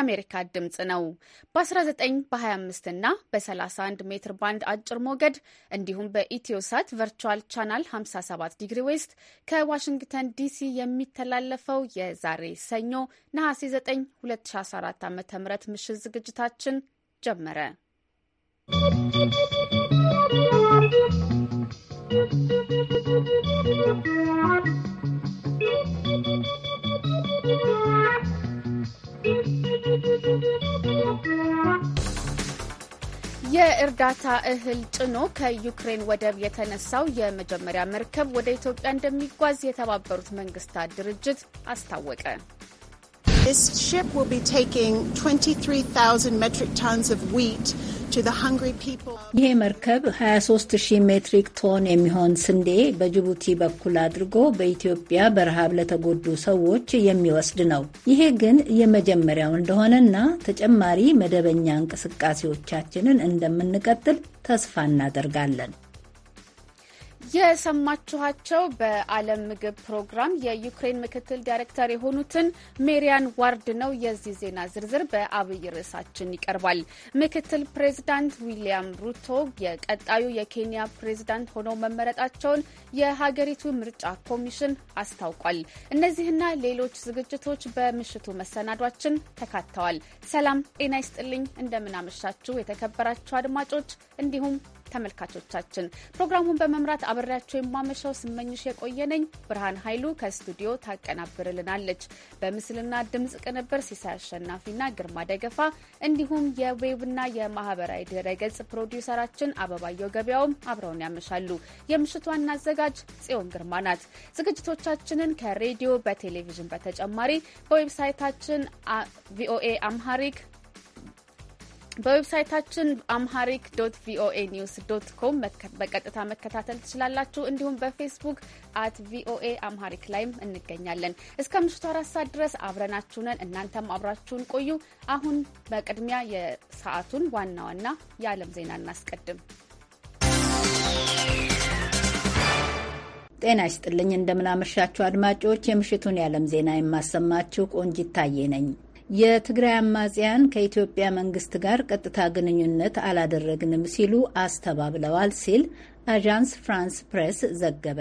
የአሜሪካ ድምፅ ነው። በ19 በ25 እና በ31 ሜትር ባንድ አጭር ሞገድ እንዲሁም በኢትዮሳት ቨርቹዋል ቻናል 57 ዲግሪ ዌስት ከዋሽንግተን ዲሲ የሚተላለፈው የዛሬ ሰኞ ነሐሴ 9 2014 ዓ ም ምሽት ዝግጅታችን ጀመረ። ¶¶ የእርዳታ እህል ጭኖ ከዩክሬን ወደብ የተነሳው የመጀመሪያ መርከብ ወደ ኢትዮጵያ እንደሚጓዝ የተባበሩት መንግስታት ድርጅት አስታወቀ። This ship will be taking 23,000 metric tons of wheat to the hungry people. ይሄ መርከብ 23000 ሜትሪክ ቶን የሚሆን ስንዴ በጅቡቲ በኩል አድርጎ በኢትዮጵያ በረሃብ ለተጎዱ ሰዎች የሚወስድ ነው። ይሄ ግን የመጀመሪያው እንደሆነና ተጨማሪ መደበኛ እንቅስቃሴዎቻችንን እንደምንቀጥል ተስፋ እናደርጋለን። የሰማችኋቸው በዓለም ምግብ ፕሮግራም የዩክሬን ምክትል ዳይሬክተር የሆኑትን ሜሪያን ዋርድ ነው። የዚህ ዜና ዝርዝር በአብይ ርዕሳችን ይቀርባል። ምክትል ፕሬዚዳንት ዊሊያም ሩቶ የቀጣዩ የኬንያ ፕሬዚዳንት ሆነው መመረጣቸውን የሀገሪቱ ምርጫ ኮሚሽን አስታውቋል። እነዚህና ሌሎች ዝግጅቶች በምሽቱ መሰናዷችን ተካተዋል። ሰላም ጤና ይስጥልኝ። እንደምናመሻችሁ የተከበራችሁ አድማጮች እንዲሁም ተመልካቾቻችን ፕሮግራሙን በመምራት አብሬያቸው የማመሻው ስመኝሽ የቆየነኝ ብርሃን ኃይሉ ከስቱዲዮ ታቀናብርልናለች። በምስልና ድምፅ ቅንብር ሲሳይ አሸናፊና ግርማ ደገፋ እንዲሁም የዌብና የማህበራዊ ድረገጽ ፕሮዲውሰራችን አበባየው ገበያውም አብረውን ያመሻሉ። የምሽቱ ዋና አዘጋጅ ጽዮን ግርማ ናት። ዝግጅቶቻችንን ከሬዲዮ በቴሌቪዥን በተጨማሪ በዌብሳይታችን ቪኦኤ አምሃሪክ በዌብሳይታችን አምሃሪክ ዶት ቪኦኤ ኒውስ ዶት ኮም በቀጥታ መከታተል ትችላላችሁ። እንዲሁም በፌስቡክ አት ቪኦኤ አምሃሪክ ላይም እንገኛለን። እስከ ምሽቱ አራት ሰዓት ድረስ አብረናችሁ ነን። እናንተም አብራችሁን ቆዩ። አሁን በቅድሚያ የሰዓቱን ዋና ዋና የዓለም ዜና እናስቀድም። ጤና ይስጥልኝ። እንደምናመሻችሁ አድማጮች፣ የምሽቱን የዓለም ዜና የማሰማችሁ ቆንጂት ታዬ ነኝ። የትግራይ አማጽያን ከኢትዮጵያ መንግስት ጋር ቀጥታ ግንኙነት አላደረግንም ሲሉ አስተባብለዋል ሲል አዣንስ ፍራንስ ፕሬስ ዘገበ።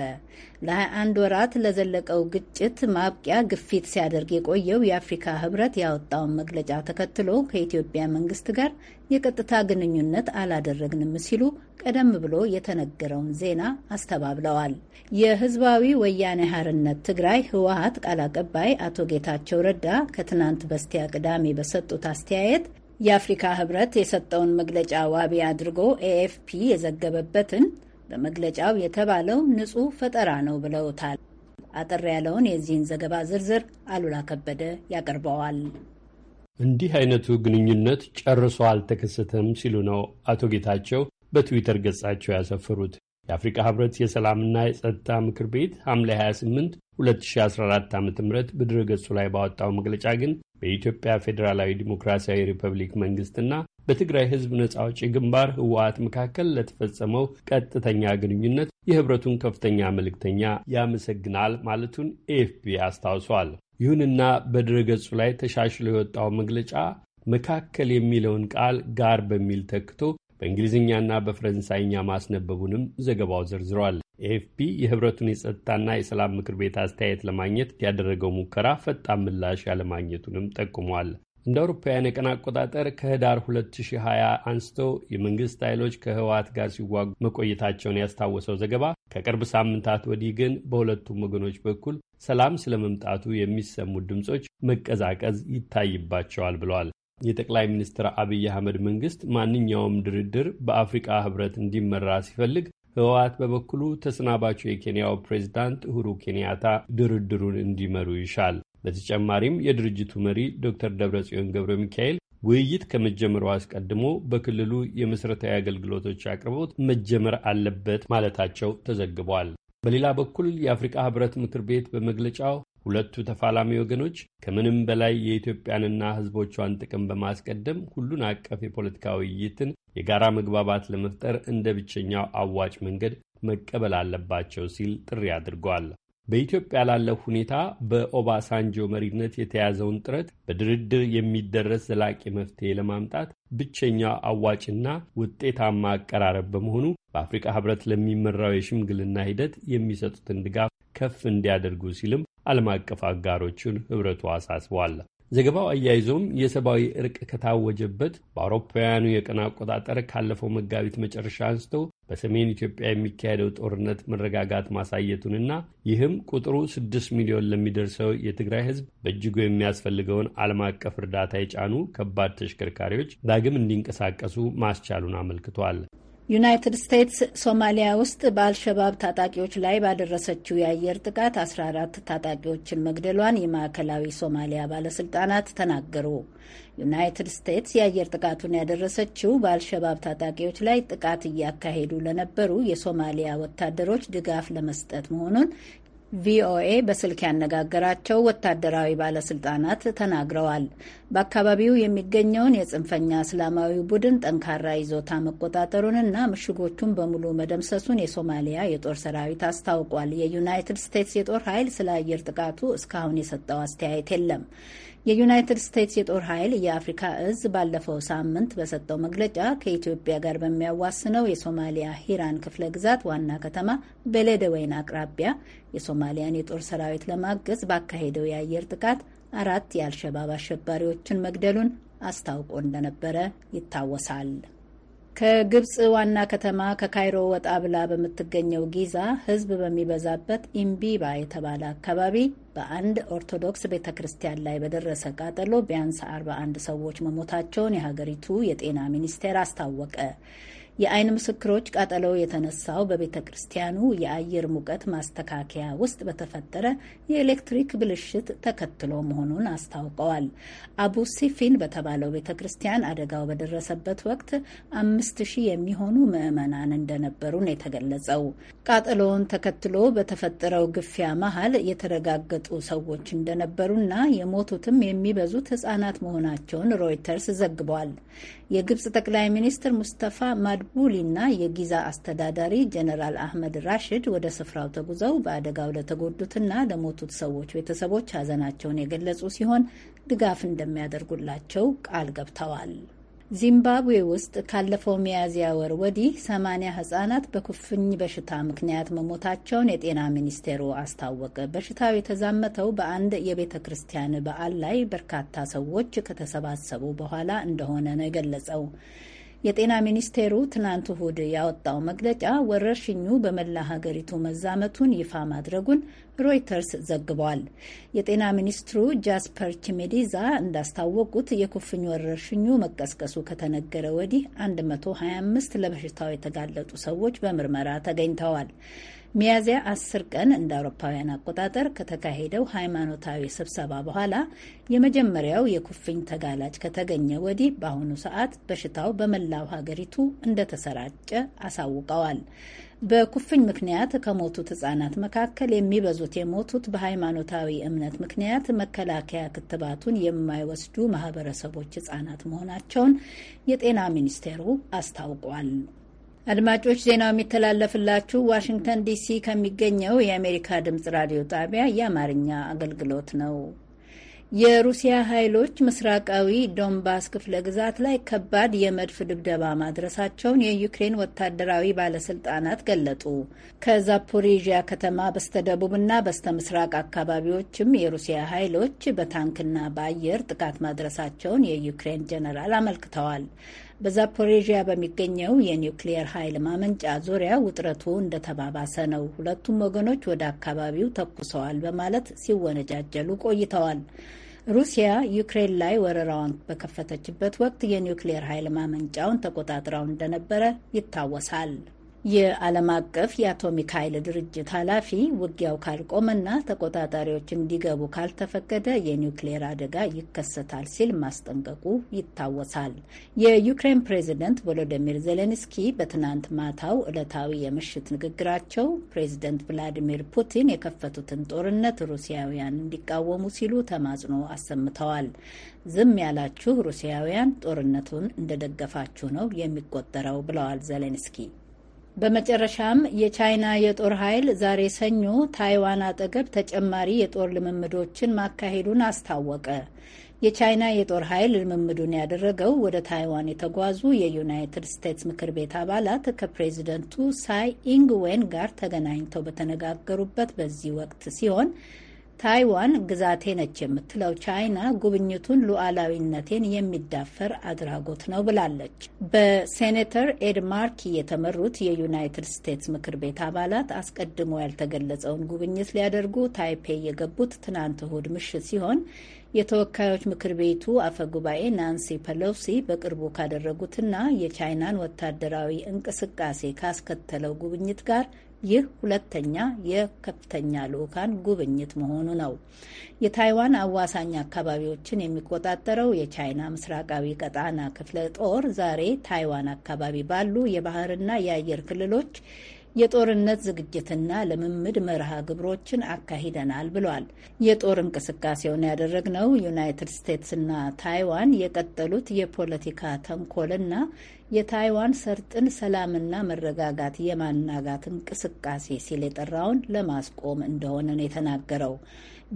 ለ21 ወራት ለዘለቀው ግጭት ማብቂያ ግፊት ሲያደርግ የቆየው የአፍሪካ ህብረት ያወጣውን መግለጫ ተከትሎ ከኢትዮጵያ መንግስት ጋር የቀጥታ ግንኙነት አላደረግንም ሲሉ ቀደም ብሎ የተነገረውን ዜና አስተባብለዋል። የህዝባዊ ወያኔ ሀርነት ትግራይ ህወሀት ቃል አቀባይ አቶ ጌታቸው ረዳ ከትናንት በስቲያ ቅዳሜ በሰጡት አስተያየት የአፍሪካ ህብረት የሰጠውን መግለጫ ዋቢ አድርጎ ኤኤፍፒ የዘገበበትን በመግለጫው የተባለው ንጹህ ፈጠራ ነው ብለውታል። አጠር ያለውን የዚህን ዘገባ ዝርዝር አሉላ ከበደ ያቀርበዋል። እንዲህ አይነቱ ግንኙነት ጨርሶ አልተከሰተም ሲሉ ነው አቶ ጌታቸው በትዊተር ገጻቸው ያሰፈሩት። የአፍሪካ ህብረት የሰላምና የጸጥታ ምክር ቤት ሐምሌ 28 2014 ዓ ም በድረገጹ ገጹ ላይ ባወጣው መግለጫ ግን በኢትዮጵያ ፌዴራላዊ ዲሞክራሲያዊ ሪፐብሊክ መንግስትና በትግራይ ህዝብ ነጻ አውጪ ግንባር ህወሀት መካከል ለተፈጸመው ቀጥተኛ ግንኙነት የህብረቱን ከፍተኛ መልእክተኛ ያመሰግናል ማለቱን ኤኤፍፒ አስታውሷል። ይሁንና በድረገጹ ላይ ተሻሽሎ የወጣው መግለጫ መካከል የሚለውን ቃል ጋር በሚል ተክቶ በእንግሊዝኛና በፈረንሳይኛ ማስነበቡንም ዘገባው ዘርዝሯል። ኤኤፍፒ የህብረቱን የጸጥታና የሰላም ምክር ቤት አስተያየት ለማግኘት ያደረገው ሙከራ ፈጣን ምላሽ ያለማግኘቱንም ጠቁሟል። እንደ አውሮፓውያን የቀን አቆጣጠር ከህዳር 2020 አንስቶ የመንግስት ኃይሎች ከህወሓት ጋር ሲዋጉ መቆየታቸውን ያስታወሰው ዘገባ ከቅርብ ሳምንታት ወዲህ ግን በሁለቱም ወገኖች በኩል ሰላም ስለመምጣቱ የሚሰሙት ድምፆች መቀዛቀዝ ይታይባቸዋል ብለዋል። የጠቅላይ ሚኒስትር አብይ አህመድ መንግስት ማንኛውም ድርድር በአፍሪቃ ህብረት እንዲመራ ሲፈልግ ህወሓት በበኩሉ ተሰናባቹ የኬንያው ፕሬዚዳንት ኡሁሩ ኬንያታ ድርድሩን እንዲመሩ ይሻል። በተጨማሪም የድርጅቱ መሪ ዶክተር ደብረጽዮን ገብረ ሚካኤል ውይይት ከመጀመሩ አስቀድሞ በክልሉ የመሠረታዊ አገልግሎቶች አቅርቦት መጀመር አለበት ማለታቸው ተዘግቧል። በሌላ በኩል የአፍሪካ ህብረት ምክር ቤት በመግለጫው ሁለቱ ተፋላሚ ወገኖች ከምንም በላይ የኢትዮጵያንና ህዝቦቿን ጥቅም በማስቀደም ሁሉን አቀፍ የፖለቲካ ውይይትን የጋራ መግባባት ለመፍጠር እንደ ብቸኛው አዋጭ መንገድ መቀበል አለባቸው ሲል ጥሪ አድርጓል። በኢትዮጵያ ላለው ሁኔታ በኦባሳንጆ መሪነት የተያዘውን ጥረት በድርድር የሚደረስ ዘላቂ መፍትሄ ለማምጣት ብቸኛው አዋጭና ውጤታማ አቀራረብ በመሆኑ በአፍሪካ ሕብረት ለሚመራው የሽምግልና ሂደት የሚሰጡትን ድጋፍ ከፍ እንዲያደርጉ ሲልም ዓለም አቀፍ አጋሮቹን ህብረቱ አሳስቧል። ዘገባው አያይዞም የሰብአዊ እርቅ ከታወጀበት በአውሮፓውያኑ የቀን አቆጣጠር ካለፈው መጋቢት መጨረሻ አንስቶ በሰሜን ኢትዮጵያ የሚካሄደው ጦርነት መረጋጋት ማሳየቱንና ይህም ቁጥሩ ስድስት ሚሊዮን ለሚደርሰው የትግራይ ሕዝብ በእጅጉ የሚያስፈልገውን ዓለም አቀፍ እርዳታ የጫኑ ከባድ ተሽከርካሪዎች ዳግም እንዲንቀሳቀሱ ማስቻሉን አመልክቷል። ዩናይትድ ስቴትስ ሶማሊያ ውስጥ በአልሸባብ ታጣቂዎች ላይ ባደረሰችው የአየር ጥቃት 14 ታጣቂዎችን መግደሏን የማዕከላዊ ሶማሊያ ባለስልጣናት ተናገሩ። ዩናይትድ ስቴትስ የአየር ጥቃቱን ያደረሰችው በአልሸባብ ታጣቂዎች ላይ ጥቃት እያካሄዱ ለነበሩ የሶማሊያ ወታደሮች ድጋፍ ለመስጠት መሆኑን ቪኦኤ በስልክ ያነጋገራቸው ወታደራዊ ባለስልጣናት ተናግረዋል። በአካባቢው የሚገኘውን የጽንፈኛ እስላማዊ ቡድን ጠንካራ ይዞታ መቆጣጠሩንና ምሽጎቹን በሙሉ መደምሰሱን የሶማሊያ የጦር ሰራዊት አስታውቋል። የዩናይትድ ስቴትስ የጦር ኃይል ስለ አየር ጥቃቱ እስካሁን የሰጠው አስተያየት የለም። የዩናይትድ ስቴትስ የጦር ኃይል የአፍሪካ እዝ ባለፈው ሳምንት በሰጠው መግለጫ ከኢትዮጵያ ጋር በሚያዋስነው የሶማሊያ ሂራን ክፍለ ግዛት ዋና ከተማ በሌደወይን አቅራቢያ የሶማሊያን የጦር ሰራዊት ለማገዝ ባካሄደው የአየር ጥቃት አራት የአልሸባብ አሸባሪዎችን መግደሉን አስታውቆ እንደነበረ ይታወሳል። ከግብፅ ዋና ከተማ ከካይሮ ወጣ ብላ በምትገኘው ጊዛ ሕዝብ በሚበዛበት ኢምቢባ የተባለ አካባቢ በአንድ ኦርቶዶክስ ቤተ ክርስቲያን ላይ በደረሰ ቃጠሎ ቢያንስ 41 ሰዎች መሞታቸውን የሀገሪቱ የጤና ሚኒስቴር አስታወቀ። የአይን ምስክሮች ቃጠሎው የተነሳው በቤተ ክርስቲያኑ የአየር ሙቀት ማስተካከያ ውስጥ በተፈጠረ የኤሌክትሪክ ብልሽት ተከትሎ መሆኑን አስታውቀዋል። አቡ ሲፊን በተባለው ቤተ ክርስቲያን አደጋው በደረሰበት ወቅት አምስት ሺህ የሚሆኑ ምዕመናን እንደነበሩ ነው የተገለጸው። ቃጠሎውን ተከትሎ በተፈጠረው ግፊያ መሀል የተረጋገጡ ሰዎች እንደነበሩና የሞቱትም የሚበዙት ህጻናት መሆናቸውን ሮይተርስ ዘግቧል። የግብጽ ጠቅላይ ሚኒስትር ሙስተፋ ማድቡሊ የጊዛ አስተዳዳሪ ጀነራል አህመድ ራሽድ ወደ ስፍራው ተጉዘው በአደጋው ለተጎዱትና ለሞቱት ሰዎች ቤተሰቦች ሀዘናቸውን የገለጹ ሲሆን ድጋፍ እንደሚያደርጉላቸው ቃል ገብተዋል። ዚምባብዌ ውስጥ ካለፈው ሚያዝያ ወር ወዲህ 80 ህጻናት በኩፍኝ በሽታ ምክንያት መሞታቸውን የጤና ሚኒስቴሩ አስታወቀ። በሽታው የተዛመተው በአንድ የቤተ ክርስቲያን በዓል ላይ በርካታ ሰዎች ከተሰባሰቡ በኋላ እንደሆነ ነው የገለጸው። የጤና ሚኒስቴሩ ትናንት እሁድ ያወጣው መግለጫ ወረርሽኙ በመላ ሀገሪቱ መዛመቱን ይፋ ማድረጉን ሮይተርስ ዘግቧል። የጤና ሚኒስትሩ ጃስፐር ቺሜዲዛ እንዳስታወቁት የኩፍኝ ወረርሽኙ መቀስቀሱ ከተነገረ ወዲህ 125 ለበሽታው የተጋለጡ ሰዎች በምርመራ ተገኝተዋል። ሚያዝያ አስር ቀን እንደ አውሮፓውያን አቆጣጠር ከተካሄደው ሃይማኖታዊ ስብሰባ በኋላ የመጀመሪያው የኩፍኝ ተጋላጭ ከተገኘ ወዲህ በአሁኑ ሰዓት በሽታው በመላው ሀገሪቱ እንደተሰራጨ አሳውቀዋል። በኩፍኝ ምክንያት ከሞቱት ህጻናት መካከል የሚበዙት የሞቱት በሃይማኖታዊ እምነት ምክንያት መከላከያ ክትባቱን የማይወስዱ ማህበረሰቦች ህጻናት መሆናቸውን የጤና ሚኒስቴሩ አስታውቋል። አድማጮች ዜናው የሚተላለፍላችሁ ዋሽንግተን ዲሲ ከሚገኘው የአሜሪካ ድምጽ ራዲዮ ጣቢያ የአማርኛ አገልግሎት ነው። የሩሲያ ኃይሎች ምስራቃዊ ዶንባስ ክፍለ ግዛት ላይ ከባድ የመድፍ ድብደባ ማድረሳቸውን የዩክሬን ወታደራዊ ባለስልጣናት ገለጡ። ከዛፖሪዥያ ከተማ በስተደቡብና በስተምስራቅ አካባቢዎችም የሩሲያ ኃይሎች በታንክና በአየር ጥቃት ማድረሳቸውን የዩክሬን ጀነራል አመልክተዋል። በዛፖሬዥያ በሚገኘው የኒውክሊየር ኃይል ማመንጫ ዙሪያ ውጥረቱ እንደተባባሰ ነው። ሁለቱም ወገኖች ወደ አካባቢው ተኩሰዋል በማለት ሲወነጃጀሉ ቆይተዋል። ሩሲያ ዩክሬን ላይ ወረራዋን በከፈተችበት ወቅት የኒውክሊየር ኃይል ማመንጫውን ተቆጣጥረው እንደነበረ ይታወሳል። የዓለም አቀፍ የአቶሚክ ኃይል ድርጅት ኃላፊ ውጊያው ካልቆመና ተቆጣጣሪዎች እንዲገቡ ካልተፈቀደ የኒውክሌር አደጋ ይከሰታል ሲል ማስጠንቀቁ ይታወሳል። የዩክሬን ፕሬዝደንት ቮሎዲሚር ዜሌንስኪ በትናንት ማታው ዕለታዊ የምሽት ንግግራቸው ፕሬዝደንት ቭላዲሚር ፑቲን የከፈቱትን ጦርነት ሩሲያውያን እንዲቃወሙ ሲሉ ተማጽኖ አሰምተዋል። ዝም ያላችሁ ሩሲያውያን ጦርነቱን እንደደገፋችሁ ነው የሚቆጠረው ብለዋል ዜሌንስኪ። በመጨረሻም የቻይና የጦር ኃይል ዛሬ ሰኞ ታይዋን አጠገብ ተጨማሪ የጦር ልምምዶችን ማካሄዱን አስታወቀ። የቻይና የጦር ኃይል ልምምዱን ያደረገው ወደ ታይዋን የተጓዙ የዩናይትድ ስቴትስ ምክር ቤት አባላት ከፕሬዚደንቱ ሳይ ኢንግዌን ጋር ተገናኝተው በተነጋገሩበት በዚህ ወቅት ሲሆን ታይዋን ግዛቴ ነች የምትለው ቻይና ጉብኝቱን ሉዓላዊነቴን የሚዳፈር አድራጎት ነው ብላለች። በሴኔተር ኤድ ማርኪ የተመሩት የዩናይትድ ስቴትስ ምክር ቤት አባላት አስቀድሞ ያልተገለጸውን ጉብኝት ሊያደርጉ ታይፔ የገቡት ትናንት እሁድ ምሽት ሲሆን የተወካዮች ምክር ቤቱ አፈ ጉባኤ ናንሲ ፐሎሲ በቅርቡ ካደረጉትና የቻይናን ወታደራዊ እንቅስቃሴ ካስከተለው ጉብኝት ጋር ይህ ሁለተኛ የከፍተኛ ልዑካን ጉብኝት መሆኑ ነው። የታይዋን አዋሳኝ አካባቢዎችን የሚቆጣጠረው የቻይና ምስራቃዊ ቀጣና ክፍለ ጦር ዛሬ ታይዋን አካባቢ ባሉ የባህርና የአየር ክልሎች የጦርነት ዝግጅትና ልምምድ መርሃ ግብሮችን አካሂደናል ብሏል። የጦር እንቅስቃሴውን ያደረግነው ዩናይትድ ስቴትስና ታይዋን የቀጠሉት የፖለቲካ ተንኮልና የታይዋን ሰርጥን ሰላምና መረጋጋት የማናጋት እንቅስቃሴ ሲል የጠራውን ለማስቆም እንደሆነ ነው የተናገረው።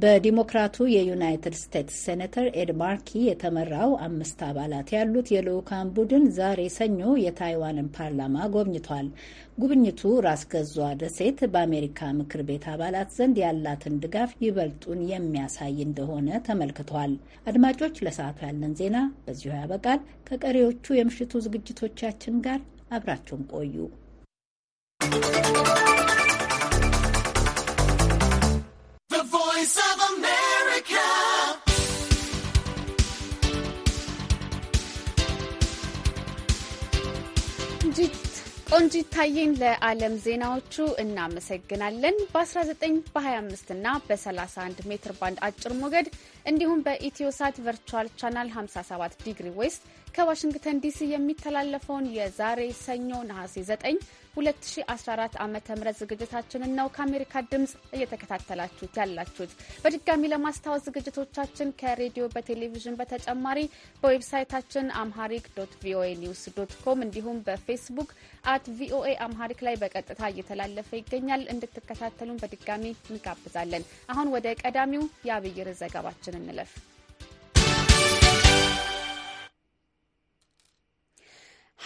በዲሞክራቱ የዩናይትድ ስቴትስ ሴኔተር ኤድ ማርኪ የተመራው አምስት አባላት ያሉት የልዑካን ቡድን ዛሬ ሰኞ የታይዋንን ፓርላማ ጎብኝቷል። ጉብኝቱ ራስ ገዟ ደሴት በአሜሪካ ምክር ቤት አባላት ዘንድ ያላትን ድጋፍ ይበልጡን የሚያሳይ እንደሆነ ተመልክቷል። አድማጮች፣ ለሰዓቱ ያለን ዜና በዚሁ ያበቃል። ከቀሪዎቹ የምሽቱ ዝግጅቶቻችን ጋር አብራችሁን ቆዩ። ቆንጂ ታየን ለዓለም ዜናዎቹ እናመሰግናለን። በ19 በ25 እና በ31 ሜትር ባንድ አጭር ሞገድ እንዲሁም በኢትዮሳት ቨርቹዋል ቻናል 57 ዲግሪ ዌስት ከዋሽንግተን ዲሲ የሚተላለፈውን የዛሬ ሰኞ ነሐሴ 9 2014 ዓ ም ዝግጅታችንን ነው ከአሜሪካ ድምፅ እየተከታተላችሁት ያላችሁት። በድጋሚ ለማስታወስ ዝግጅቶቻችን ከሬዲዮ በቴሌቪዥን በተጨማሪ በዌብሳይታችን አምሃሪክ ዶት ቪኦኤ ኒውስ ዶት ኮም እንዲሁም በፌስቡክ አት ቪኦኤ አምሃሪክ ላይ በቀጥታ እየተላለፈ ይገኛል። እንድትከታተሉን በድጋሚ እንጋብዛለን። አሁን ወደ ቀዳሚው የአብይር ዘገባችን ወሬያችን እንለፍ።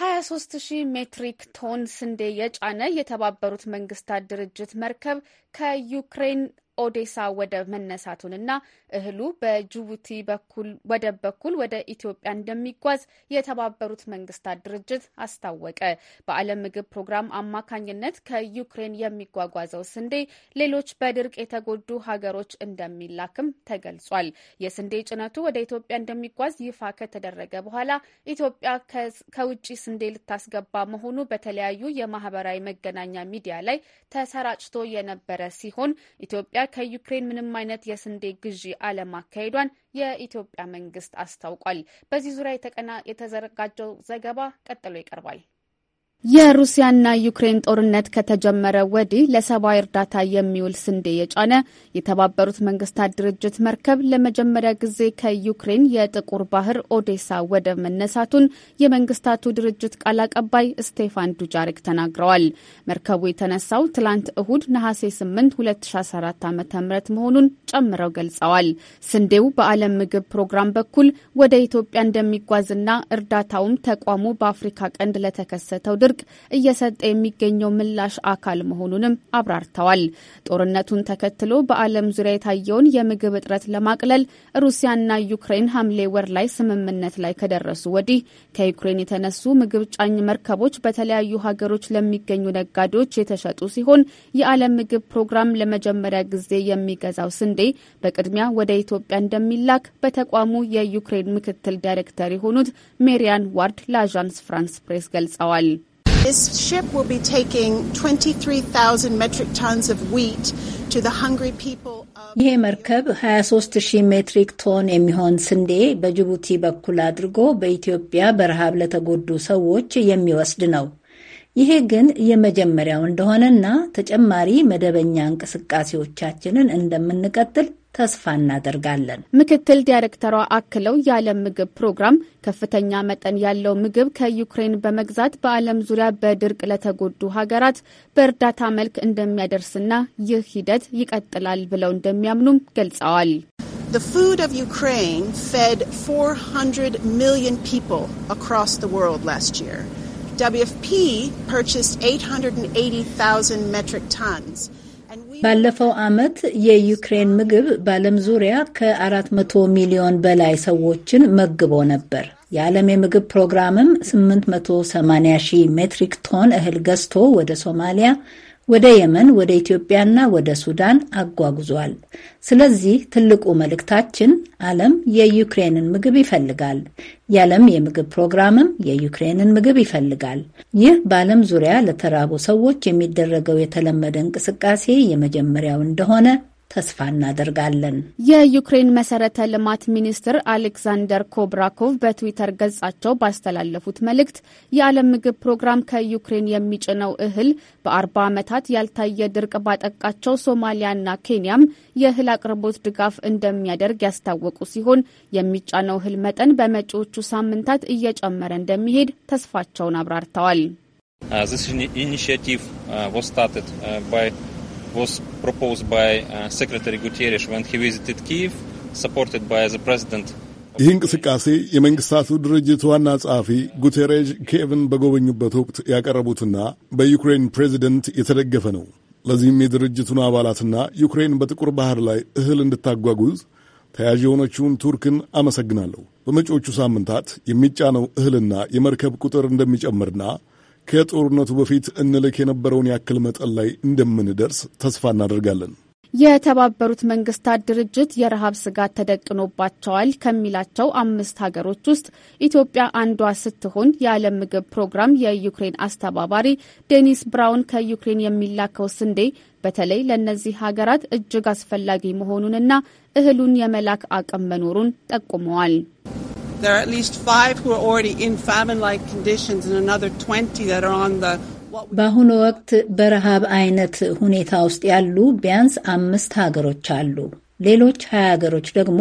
ሀያ ሶስት ሺህ ሜትሪክ ቶን ስንዴ የጫነ የተባበሩት መንግስታት ድርጅት መርከብ ከዩክሬን ኦዴሳ ወደብ መነሳቱንና እህሉ በጅቡቲ በኩል ወደብ በኩል ወደ ኢትዮጵያ እንደሚጓዝ የተባበሩት መንግስታት ድርጅት አስታወቀ። በዓለም ምግብ ፕሮግራም አማካኝነት ከዩክሬን የሚጓጓዘው ስንዴ ሌሎች በድርቅ የተጎዱ ሀገሮች እንደሚላክም ተገልጿል። የስንዴ ጭነቱ ወደ ኢትዮጵያ እንደሚጓዝ ይፋ ከተደረገ በኋላ ኢትዮጵያ ከውጭ ስንዴ ልታስገባ መሆኑ በተለያዩ የማህበራዊ መገናኛ ሚዲያ ላይ ተሰራጭቶ የነበረ ሲሆን ኢትዮጵያ ከዩክሬን ምንም አይነት የስንዴ ግዢ አለማካሄዷን የኢትዮጵያ መንግስት አስታውቋል። በዚህ ዙሪያ የተቀና የተዘጋጀው ዘገባ ቀጥሎ ይቀርባል። የሩሲያና ዩክሬን ጦርነት ከተጀመረ ወዲህ ለሰብአዊ እርዳታ የሚውል ስንዴ የጫነ የተባበሩት መንግስታት ድርጅት መርከብ ለመጀመሪያ ጊዜ ከዩክሬን የጥቁር ባህር ኦዴሳ ወደብ መነሳቱን የመንግስታቱ ድርጅት ቃል አቀባይ ስቴፋን ዱጃሪክ ተናግረዋል። መርከቡ የተነሳው ትላንት እሁድ ነሐሴ 8 2014 ዓ ም መሆኑን ጨምረው ገልጸዋል። ስንዴው በዓለም ምግብ ፕሮግራም በኩል ወደ ኢትዮጵያ እንደሚጓዝና እርዳታውም ተቋሙ በአፍሪካ ቀንድ ለተከሰተው ድርቅ እየሰጠ የሚገኘው ምላሽ አካል መሆኑንም አብራርተዋል። ጦርነቱን ተከትሎ በዓለም ዙሪያ የታየውን የምግብ እጥረት ለማቅለል ሩሲያና ዩክሬን ሐምሌ ወር ላይ ስምምነት ላይ ከደረሱ ወዲህ ከዩክሬን የተነሱ ምግብ ጫኝ መርከቦች በተለያዩ ሀገሮች ለሚገኙ ነጋዴዎች የተሸጡ ሲሆን የዓለም ምግብ ፕሮግራም ለመጀመሪያ ጊዜ የሚገዛው ስንዴ በቅድሚያ ወደ ኢትዮጵያ እንደሚላክ በተቋሙ የዩክሬን ምክትል ዳይሬክተር የሆኑት ሜሪያን ዋርድ ለአዣንስ ፍራንስ ፕሬስ ገልጸዋል። This ship will be taking 23,000 metric tons of wheat to the hungry people. ይሄ መርከብ 23000 ሜትሪክ ቶን የሚሆን ስንዴ በጅቡቲ በኩል አድርጎ በኢትዮጵያ በረሃብ ለተጎዱ ሰዎች የሚወስድ ነው። ይሄ ግን የመጀመሪያው እንደሆነና ተጨማሪ መደበኛ እንቅስቃሴዎቻችንን እንደምንቀጥል ተስፋ እናደርጋለን። ምክትል ዳይሬክተሯ አክለው የዓለም ምግብ ፕሮግራም ከፍተኛ መጠን ያለው ምግብ ከዩክሬን በመግዛት በዓለም ዙሪያ በድርቅ ለተጎዱ ሀገራት በእርዳታ መልክ እንደሚያደርስና ይህ ሂደት ይቀጥላል ብለው እንደሚያምኑም ገልጸዋል። WFP purchased 880,000 metric tons. ባለፈው ዓመት የዩክሬን ምግብ በዓለም ዙሪያ ከ400 ሚሊዮን በላይ ሰዎችን መግቦ ነበር። የዓለም የምግብ ፕሮግራምም 880 ሺህ ሜትሪክ ቶን እህል ገዝቶ ወደ ሶማሊያ ወደ የመን፣ ወደ ኢትዮጵያና ወደ ሱዳን አጓጉዟል። ስለዚህ ትልቁ መልእክታችን ዓለም የዩክሬንን ምግብ ይፈልጋል። የዓለም የምግብ ፕሮግራምም የዩክሬንን ምግብ ይፈልጋል። ይህ በዓለም ዙሪያ ለተራቡ ሰዎች የሚደረገው የተለመደ እንቅስቃሴ የመጀመሪያው እንደሆነ ተስፋ እናደርጋለን። የዩክሬን መሰረተ ልማት ሚኒስትር አሌክዛንደር ኮብራኮቭ በትዊተር ገጻቸው ባስተላለፉት መልእክት የዓለም ምግብ ፕሮግራም ከዩክሬን የሚጭነው እህል በአርባ ዓመታት ያልታየ ድርቅ ባጠቃቸው ሶማሊያና ኬንያም የእህል አቅርቦት ድጋፍ እንደሚያደርግ ያስታወቁ ሲሆን የሚጫነው እህል መጠን በመጪዎቹ ሳምንታት እየጨመረ እንደሚሄድ ተስፋቸውን አብራርተዋል። uh, was proposed by uh, Secretary Guterres when he visited Kyiv, supported by the President. ይህ እንቅስቃሴ የመንግስታቱ ድርጅት ዋና ጸሐፊ ጉቴሬዥ ኪየቭን በጎበኙበት ወቅት ያቀረቡትና በዩክሬን ፕሬዚደንት የተደገፈ ነው። ለዚህም የድርጅቱን አባላትና ዩክሬን በጥቁር ባህር ላይ እህል እንድታጓጉዝ ተያዥ የሆነችውን ቱርክን አመሰግናለሁ። በመጪዎቹ ሳምንታት የሚጫነው እህልና የመርከብ ቁጥር እንደሚጨምርና ከጦርነቱ በፊት እንልክ የነበረውን ያክል መጠን ላይ እንደምንደርስ ተስፋ እናደርጋለን። የተባበሩት መንግስታት ድርጅት የረሃብ ስጋት ተደቅኖባቸዋል ከሚላቸው አምስት ሀገሮች ውስጥ ኢትዮጵያ አንዷ ስትሆን የዓለም ምግብ ፕሮግራም የዩክሬን አስተባባሪ ዴኒስ ብራውን ከዩክሬን የሚላከው ስንዴ በተለይ ለእነዚህ ሀገራት እጅግ አስፈላጊ መሆኑንና እህሉን የመላክ አቅም መኖሩን ጠቁመዋል። በአሁኑ ወቅት በረሃብ አይነት ሁኔታ ውስጥ ያሉ ቢያንስ አምስት ሀገሮች አሉ። ሌሎች ሀያ ሀገሮች ደግሞ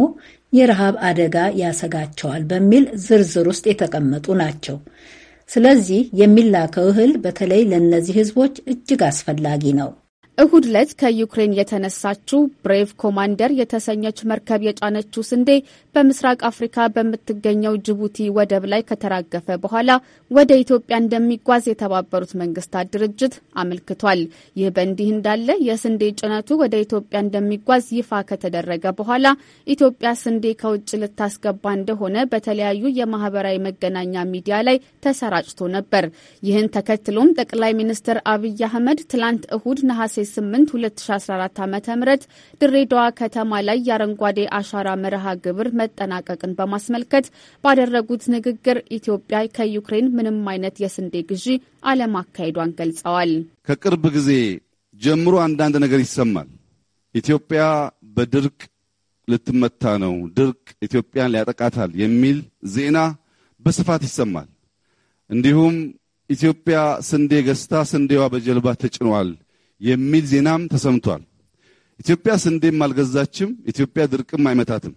የረሃብ አደጋ ያሰጋቸዋል በሚል ዝርዝር ውስጥ የተቀመጡ ናቸው። ስለዚህ የሚላከው እህል በተለይ ለእነዚህ ህዝቦች እጅግ አስፈላጊ ነው። እሁድ ዕለት ከዩክሬን የተነሳችው ብሬቭ ኮማንደር የተሰኘች መርከብ የጫነችው ስንዴ በምስራቅ አፍሪካ በምትገኘው ጅቡቲ ወደብ ላይ ከተራገፈ በኋላ ወደ ኢትዮጵያ እንደሚጓዝ የተባበሩት መንግስታት ድርጅት አመልክቷል። ይህ በእንዲህ እንዳለ የስንዴ ጭነቱ ወደ ኢትዮጵያ እንደሚጓዝ ይፋ ከተደረገ በኋላ ኢትዮጵያ ስንዴ ከውጭ ልታስገባ እንደሆነ በተለያዩ የማህበራዊ መገናኛ ሚዲያ ላይ ተሰራጭቶ ነበር። ይህን ተከትሎም ጠቅላይ ሚኒስትር አብይ አህመድ ትላንት እሁድ ነሐሴ 8 2014 ዓ ም ድሬዳዋ ከተማ ላይ የአረንጓዴ አሻራ መርሃ ግብር መጠናቀቅን በማስመልከት ባደረጉት ንግግር ኢትዮጵያ ከዩክሬን ምንም አይነት የስንዴ ግዢ አለማካሄዷን ገልጸዋል። ከቅርብ ጊዜ ጀምሮ አንዳንድ ነገር ይሰማል። ኢትዮጵያ በድርቅ ልትመታ ነው፣ ድርቅ ኢትዮጵያን ሊያጠቃታል የሚል ዜና በስፋት ይሰማል። እንዲሁም ኢትዮጵያ ስንዴ ገዝታ ስንዴዋ በጀልባ ተጭኗል የሚል ዜናም ተሰምቷል። ኢትዮጵያ ስንዴም አልገዛችም፣ ኢትዮጵያ ድርቅም አይመታትም።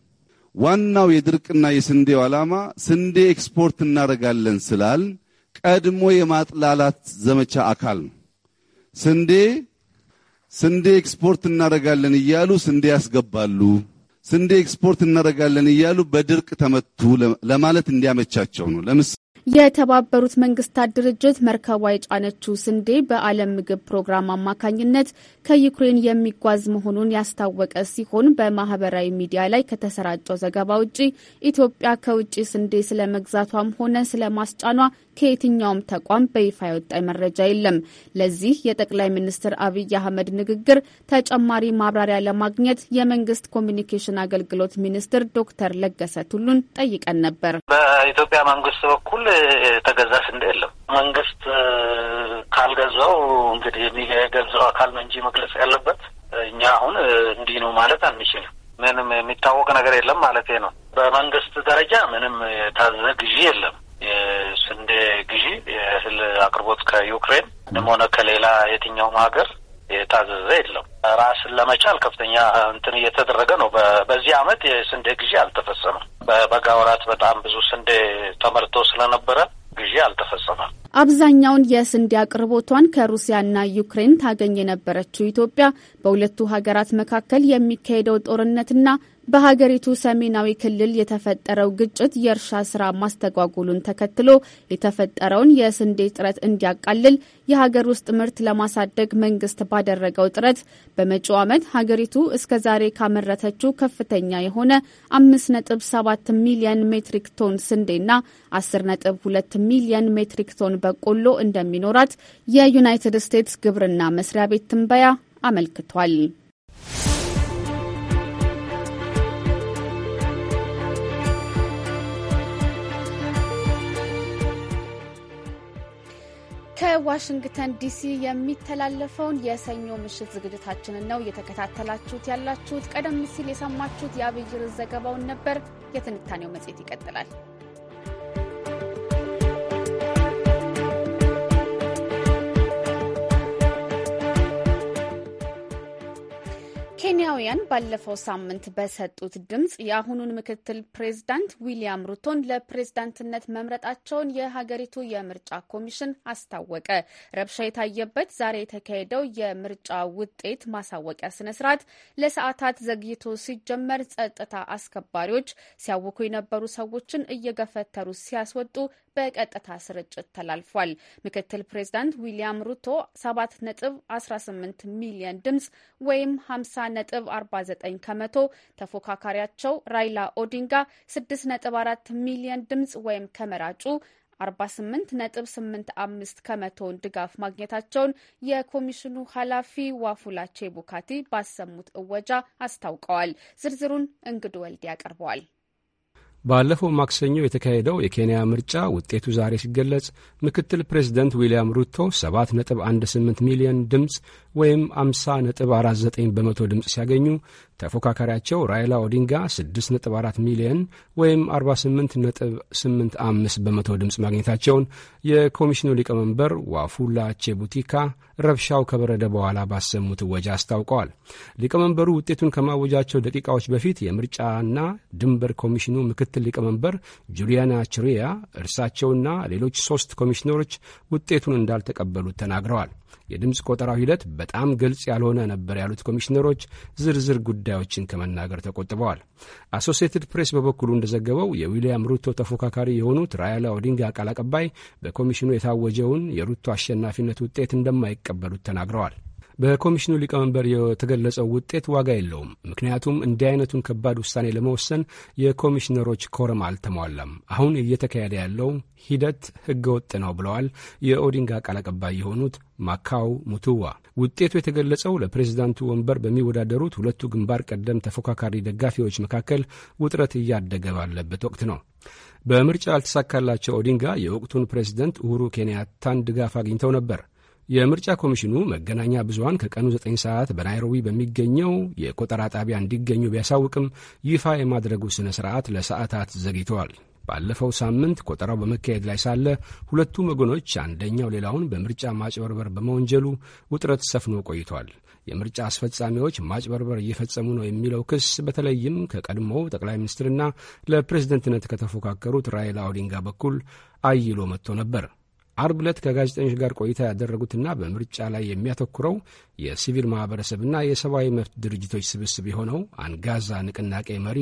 ዋናው የድርቅና የስንዴው ዓላማ ስንዴ ኤክስፖርት እናደርጋለን ስላል ቀድሞ የማጥላላት ዘመቻ አካል ነው። ስንዴ ስንዴ ኤክስፖርት እናደርጋለን እያሉ ስንዴ ያስገባሉ። ስንዴ ኤክስፖርት እናደርጋለን እያሉ በድርቅ ተመቱ ለማለት እንዲያመቻቸው ነው። የተባበሩት መንግስታት ድርጅት መርከቧ የጫነችው ስንዴ በዓለም ምግብ ፕሮግራም አማካኝነት ከዩክሬን የሚጓዝ መሆኑን ያስታወቀ ሲሆን በማህበራዊ ሚዲያ ላይ ከተሰራጨው ዘገባ ውጪ ኢትዮጵያ ከውጭ ስንዴ ስለመግዛቷም ሆነ ስለማስጫኗ ከየትኛውም ተቋም በይፋ የወጣ መረጃ የለም። ለዚህ የጠቅላይ ሚኒስትር አብይ አህመድ ንግግር ተጨማሪ ማብራሪያ ለማግኘት የመንግስት ኮሚኒኬሽን አገልግሎት ሚኒስትር ዶክተር ለገሰ ቱሉን ጠይቀን ነበር። በኢትዮጵያ መንግስት በኩል የተገዛ ስንዴ የለም። መንግስት ካልገዛው እንግዲህ የገዛው አካል ነው እንጂ መግለጽ ያለበት። እኛ አሁን እንዲህ ነው ማለት አንችልም። ምንም የሚታወቅ ነገር የለም ማለት ነው። በመንግስት ደረጃ ምንም የታዘዘ ግዢ የለም። የስንዴ ግዢ የእህል አቅርቦት ከዩክሬን ሆነ ከሌላ የትኛውም ሀገር የታዘዘ የለም። ራስን ለመቻል ከፍተኛ እንትን እየተደረገ ነው። በዚህ አመት የስንዴ ግዢ አልተፈጸመም። በበጋ ወራት በጣም ብዙ ስንዴ ተመርቶ ስለነበረ ግዢ አልተፈጸመም። አብዛኛውን የስንዴ አቅርቦቷን ከሩሲያና ዩክሬን ታገኝ የነበረችው ኢትዮጵያ በሁለቱ ሀገራት መካከል የሚካሄደው ጦርነትና በሀገሪቱ ሰሜናዊ ክልል የተፈጠረው ግጭት የእርሻ ስራ ማስተጓጉሉን ተከትሎ የተፈጠረውን የስንዴ እጥረት እንዲያቃልል የሀገር ውስጥ ምርት ለማሳደግ መንግስት ባደረገው ጥረት በመጪው ዓመት ሀገሪቱ እስከ ዛሬ ካመረተችው ከፍተኛ የሆነ 5.7 ሚሊየን ሜትሪክ ቶን ስንዴና 10.2 ሚሊየን ሜትሪክ ቶን በቆሎ እንደሚኖራት የዩናይትድ ስቴትስ ግብርና መስሪያ ቤት ትንበያ አመልክቷል። ከዋሽንግተን ዲሲ የሚተላለፈውን የሰኞ ምሽት ዝግጅታችንን ነው እየተከታተላችሁት ያላችሁት። ቀደም ሲል የሰማችሁት የአብይር ዘገባውን ነበር። የትንታኔው መጽሔት ይቀጥላል። ኬንያውያን ባለፈው ሳምንት በሰጡት ድምፅ የአሁኑን ምክትል ፕሬዝዳንት ዊሊያም ሩቶን ለፕሬዝዳንትነት መምረጣቸውን የሀገሪቱ የምርጫ ኮሚሽን አስታወቀ። ረብሻ የታየበት ዛሬ የተካሄደው የምርጫ ውጤት ማሳወቂያ ስነ ስርዓት ለሰዓታት ዘግይቶ ሲጀመር ጸጥታ አስከባሪዎች ሲያውኩ የነበሩ ሰዎችን እየገፈተሩ ሲያስወጡ በቀጥታ ስርጭት ተላልፏል። ምክትል ፕሬዚዳንት ዊሊያም ሩቶ 7 ነጥብ 18 ሚሊዮን ድምጽ ወይም 50 ነጥብ 49 ከመቶ፣ ተፎካካሪያቸው ራይላ ኦዲንጋ 6 ነጥብ 4 ሚሊዮን ድምጽ ወይም ከመራጩ 48.85 ከመቶውን ድጋፍ ማግኘታቸውን የኮሚሽኑ ኃላፊ ዋፉላ ቼቡካቲ ባሰሙት እወጃ አስታውቀዋል። ዝርዝሩን እንግዱ ወልድ ያቀርበዋል። ባለፈው ማክሰኞ የተካሄደው የኬንያ ምርጫ ውጤቱ ዛሬ ሲገለጽ ምክትል ፕሬዚደንት ዊልያም ሩቶ 7.18 ሚሊዮን ድምፅ ወይም 50.49 በመቶ ድምፅ ሲያገኙ ተፎካካሪያቸው ራይላ ኦዲንጋ 6.4 ሚሊዮን ወይም 48.85 በመቶ ድምፅ ማግኘታቸውን የኮሚሽኑ ሊቀመንበር ዋፉላ ቼቡቲካ ረብሻው ከበረደ በኋላ ባሰሙት ወጃ አስታውቀዋል። ሊቀመንበሩ ውጤቱን ከማወጃቸው ደቂቃዎች በፊት የምርጫና ድንበር ኮሚሽኑ ምክትል ሊቀመንበር ጁሊያና ችሪያ እርሳቸውና ሌሎች ሶስት ኮሚሽነሮች ውጤቱን እንዳልተቀበሉት ተናግረዋል። የድምፅ ቆጠራው ሂደት በጣም ግልጽ ያልሆነ ነበር ያሉት ኮሚሽነሮች ዝርዝር ጉዳዮችን ከመናገር ተቆጥበዋል። አሶሲየትድ ፕሬስ በበኩሉ እንደዘገበው የዊልያም ሩቶ ተፎካካሪ የሆኑት ራያላ ኦዲንጋ ቃል አቀባይ በኮሚሽኑ የታወጀውን የሩቶ አሸናፊነት ውጤት እንደማይቀበሉት ተናግረዋል። በኮሚሽኑ ሊቀመንበር የተገለጸው ውጤት ዋጋ የለውም። ምክንያቱም እንዲህ አይነቱን ከባድ ውሳኔ ለመወሰን የኮሚሽነሮች ኮረም አልተሟላም። አሁን እየተካሄደ ያለው ሂደት ህገወጥ ነው ብለዋል የኦዲንጋ ቃል አቀባይ የሆኑት ማካው ሙቱዋ። ውጤቱ የተገለጸው ለፕሬዚዳንቱ ወንበር በሚወዳደሩት ሁለቱ ግንባር ቀደም ተፎካካሪ ደጋፊዎች መካከል ውጥረት እያደገ ባለበት ወቅት ነው። በምርጫ ያልተሳካላቸው ኦዲንጋ የወቅቱን ፕሬዚደንት ኡሁሩ ኬንያታን ድጋፍ አግኝተው ነበር። የምርጫ ኮሚሽኑ መገናኛ ብዙሀን ከቀኑ 9 ሰዓት በናይሮቢ በሚገኘው የቆጠራ ጣቢያ እንዲገኙ ቢያሳውቅም ይፋ የማድረጉ ሥነ ሥርዓት ለሰዓታት ዘግይተዋል። ባለፈው ሳምንት ቆጠራው በመካሄድ ላይ ሳለ ሁለቱ ወገኖች አንደኛው ሌላውን በምርጫ ማጭበርበር በመወንጀሉ ውጥረት ሰፍኖ ቆይቷል። የምርጫ አስፈጻሚዎች ማጭበርበር እየፈጸሙ ነው የሚለው ክስ በተለይም ከቀድሞው ጠቅላይ ሚኒስትርና ለፕሬዝደንትነት ከተፎካከሩት ራይላ ኦዲንጋ በኩል አይሎ መጥቶ ነበር። አርብ ዕለት ከጋዜጠኞች ጋር ቆይታ ያደረጉትና በምርጫ ላይ የሚያተኩረው የሲቪል ማኅበረሰብና የሰብአዊ መብት ድርጅቶች ስብስብ የሆነው አንጋዛ ንቅናቄ መሪ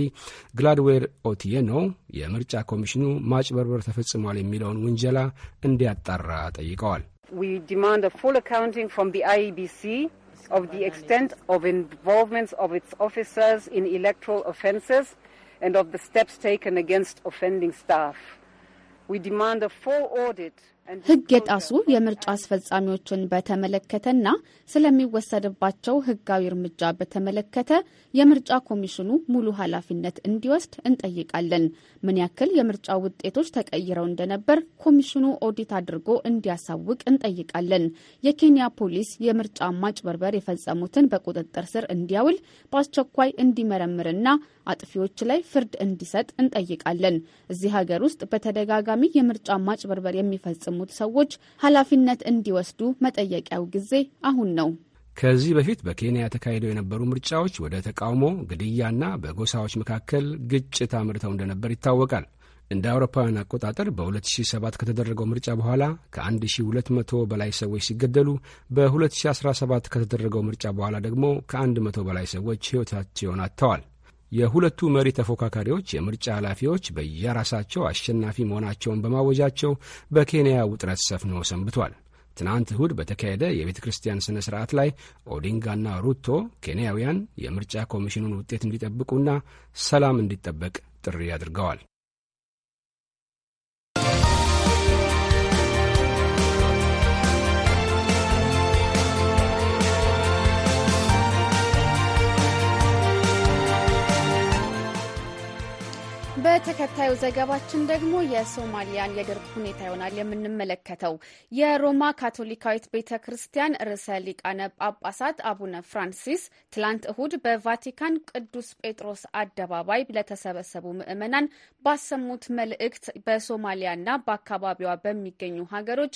ግላድዌር ኦቲየኖ የምርጫ ኮሚሽኑ ማጭበርበር ተፈጽሟል የሚለውን ውንጀላ እንዲያጣራ ጠይቀዋል። e of the extent of involvement of its officers in electoral offenses and of the steps taken against offending staff. We demand a full audit. ሕግ የጣሱ የምርጫ አስፈጻሚዎችን በተመለከተና ስለሚወሰድባቸው ሕጋዊ እርምጃ በተመለከተ የምርጫ ኮሚሽኑ ሙሉ ኃላፊነት እንዲወስድ እንጠይቃለን። ምን ያክል የምርጫ ውጤቶች ተቀይረው እንደነበር ኮሚሽኑ ኦዲት አድርጎ እንዲያሳውቅ እንጠይቃለን። የኬንያ ፖሊስ የምርጫ ማጭበርበር የፈጸሙትን በቁጥጥር ስር እንዲያውል በአስቸኳይ እንዲመረምርና አጥፊዎች ላይ ፍርድ እንዲሰጥ እንጠይቃለን። እዚህ ሀገር ውስጥ በተደጋጋሚ የምርጫ ማጭበርበር የሚፈጽሙ የሚፈጽሙት ሰዎች ኃላፊነት እንዲወስዱ መጠየቂያው ጊዜ አሁን ነው። ከዚህ በፊት በኬንያ ተካሂደው የነበሩ ምርጫዎች ወደ ተቃውሞ፣ ግድያና በጎሳዎች መካከል ግጭት አምርተው እንደነበር ይታወቃል። እንደ አውሮፓውያን አቆጣጠር በ2007 ከተደረገው ምርጫ በኋላ ከ1200 በላይ ሰዎች ሲገደሉ በ2017 ከተደረገው ምርጫ በኋላ ደግሞ ከ100 በላይ ሰዎች ሕይወታቸውን አጥተዋል። የሁለቱ መሪ ተፎካካሪዎች የምርጫ ኃላፊዎች በየራሳቸው አሸናፊ መሆናቸውን በማወጃቸው በኬንያ ውጥረት ሰፍኖ ሰንብቷል። ትናንት እሁድ በተካሄደ የቤተ ክርስቲያን ሥነ ሥርዓት ላይ ኦዲንጋና ሩቶ ኬንያውያን የምርጫ ኮሚሽኑን ውጤት እንዲጠብቁና ሰላም እንዲጠበቅ ጥሪ አድርገዋል። በተከታዩ ዘገባችን ደግሞ የሶማሊያን የድርቅ ሁኔታ ይሆናል የምንመለከተው። የሮማ ካቶሊካዊት ቤተ ክርስቲያን ርዕሰ ሊቃነ ጳጳሳት አቡነ ፍራንሲስ ትላንት እሁድ በቫቲካን ቅዱስ ጴጥሮስ አደባባይ ለተሰበሰቡ ምዕመናን ባሰሙት መልእክት በሶማሊያና በአካባቢዋ በሚገኙ ሀገሮች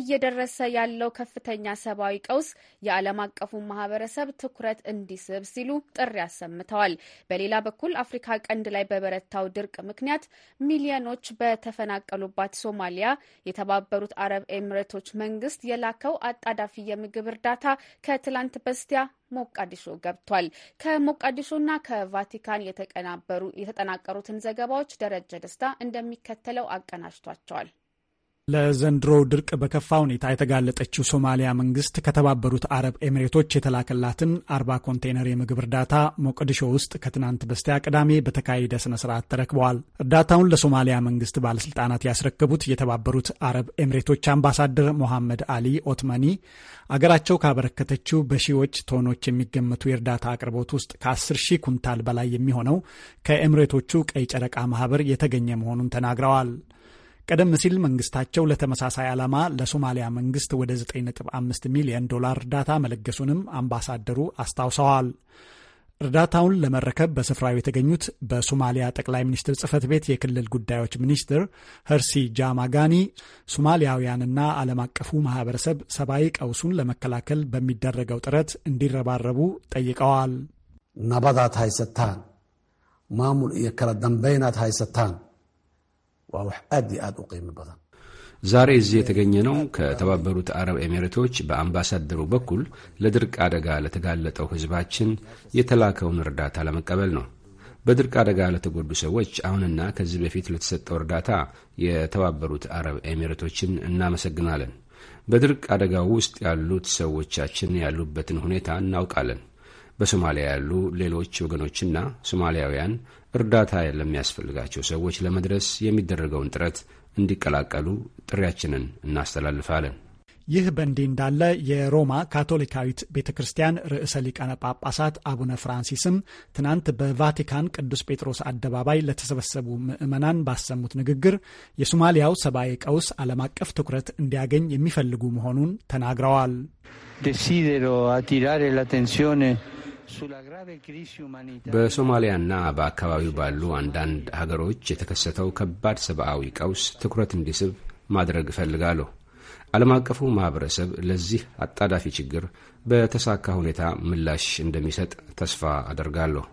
እየደረሰ ያለው ከፍተኛ ሰብአዊ ቀውስ የዓለም አቀፉ ማህበረሰብ ትኩረት እንዲስብ ሲሉ ጥሪ አሰምተዋል። በሌላ በኩል አፍሪካ ቀንድ ላይ በበረታው ድርቅ ምክንያት ሚሊዮኖች በተፈናቀሉባት ሶማሊያ የተባበሩት አረብ ኤሚሬቶች መንግስት የላከው አጣዳፊ የምግብ እርዳታ ከትላንት በስቲያ ሞቃዲሾ ገብቷል። ከሞቃዲሾና ከቫቲካን የተጠናቀሩትን ዘገባዎች ደረጀ ደስታ እንደሚከተለው አቀናጅቷቸዋል። ለዘንድሮው ድርቅ በከፋ ሁኔታ የተጋለጠችው ሶማሊያ መንግስት ከተባበሩት አረብ ኤሚሬቶች የተላከላትን አርባ ኮንቴይነር የምግብ እርዳታ ሞቃዲሾ ውስጥ ከትናንት በስቲያ ቅዳሜ በተካሄደ ስነ ስርዓት ተረክበዋል። እርዳታውን ለሶማሊያ መንግስት ባለስልጣናት ያስረከቡት የተባበሩት አረብ ኤሚሬቶች አምባሳደር ሞሐመድ አሊ ኦትመኒ አገራቸው ካበረከተችው በሺዎች ቶኖች የሚገመቱ የእርዳታ አቅርቦት ውስጥ ከ10 ሺህ ኩንታል በላይ የሚሆነው ከኤሚሬቶቹ ቀይ ጨረቃ ማህበር የተገኘ መሆኑን ተናግረዋል። ቀደም ሲል መንግስታቸው ለተመሳሳይ ዓላማ ለሶማሊያ መንግስት ወደ 9.5 ሚሊዮን ዶላር እርዳታ መለገሱንም አምባሳደሩ አስታውሰዋል። እርዳታውን ለመረከብ በስፍራው የተገኙት በሶማሊያ ጠቅላይ ሚኒስትር ጽህፈት ቤት የክልል ጉዳዮች ሚኒስትር ኸርሲ ጃማጋኒ ሶማሊያውያንና ዓለም አቀፉ ማህበረሰብ ሰብአዊ ቀውሱን ለመከላከል በሚደረገው ጥረት እንዲረባረቡ ጠይቀዋል። ናባዳት ሃይሰታን ማሙል የከለ ደንበይናት ሃይሰታን waa wax aad iyo aad u qiimo badan ዛሬ እዚህ ነው ከተባበሩት አረብ ኤሚሬቶች በአምባሳደሩ በኩል ለድርቅ አደጋ ለተጋለጠው ሕዝባችን የተላከውን እርዳታ ለመቀበል ነው። በድርቅ አደጋ ለተጎዱ ሰዎች አሁንና ከዚህ በፊት ለተሰጠው እርዳታ የተባበሩት አረብ ኤሚሬቶችን እናመሰግናለን። በድርቅ አደጋው ውስጥ ያሉት ሰዎቻችን ያሉበትን ሁኔታ እናውቃለን። በሶማሊያ ያሉ ሌሎች ወገኖችና ሶማሊያውያን እርዳታ ለሚያስፈልጋቸው ሰዎች ለመድረስ የሚደረገውን ጥረት እንዲቀላቀሉ ጥሪያችንን እናስተላልፋለን። ይህ በእንዲህ እንዳለ የሮማ ካቶሊካዊት ቤተ ክርስቲያን ርዕሰ ሊቃነ ጳጳሳት አቡነ ፍራንሲስም ትናንት በቫቲካን ቅዱስ ጴጥሮስ አደባባይ ለተሰበሰቡ ምዕመናን ባሰሙት ንግግር የሶማሊያው ሰብአዊ ቀውስ ዓለም አቀፍ ትኩረት እንዲያገኝ የሚፈልጉ መሆኑን ተናግረዋል። ደሲደሮ አቲራሬ ላቴንሲዮኔ በሶማሊያና በአካባቢው ባሉ አንዳንድ ሀገሮች የተከሰተው ከባድ ሰብአዊ ቀውስ ትኩረት እንዲስብ ማድረግ እፈልጋለሁ። ዓለም አቀፉ ማኅበረሰብ ለዚህ አጣዳፊ ችግር በተሳካ ሁኔታ ምላሽ እንደሚሰጥ ተስፋ አደርጋለሁ።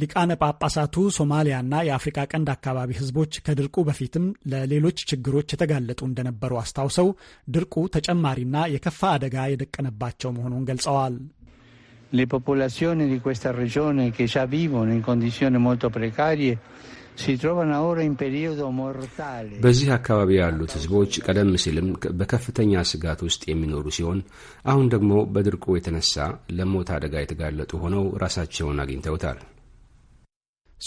ሊቃነ ጳጳሳቱ ሶማሊያና የአፍሪካ ቀንድ አካባቢ ሕዝቦች ከድርቁ በፊትም ለሌሎች ችግሮች የተጋለጡ እንደነበሩ አስታውሰው ድርቁ ተጨማሪና የከፋ አደጋ የደቀነባቸው መሆኑን ገልጸዋል። le popolazioni di questa regione che già vivono in condizioni molto precarie በዚህ አካባቢ ያሉት ሕዝቦች ቀደም ሲልም በከፍተኛ ስጋት ውስጥ የሚኖሩ ሲሆን አሁን ደግሞ በድርቁ የተነሳ ለሞት አደጋ የተጋለጡ ሆነው ራሳቸውን አግኝተውታል።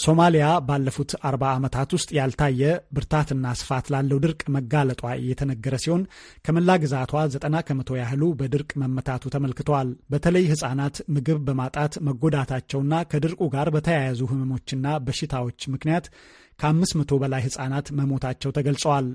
ሶማሊያ ባለፉት አርባ ዓመታት ውስጥ ያልታየ ብርታትና ስፋት ላለው ድርቅ መጋለጧ እየተነገረ ሲሆን ከመላ ግዛቷ ዘጠና ከመቶ ያህሉ በድርቅ መመታቱ ተመልክተዋል። በተለይ ሕፃናት ምግብ በማጣት መጎዳታቸውና ከድርቁ ጋር በተያያዙ ህመሞችና በሽታዎች ምክንያት ከአምስት መቶ በላይ ሕፃናት መሞታቸው ተገልጸዋል።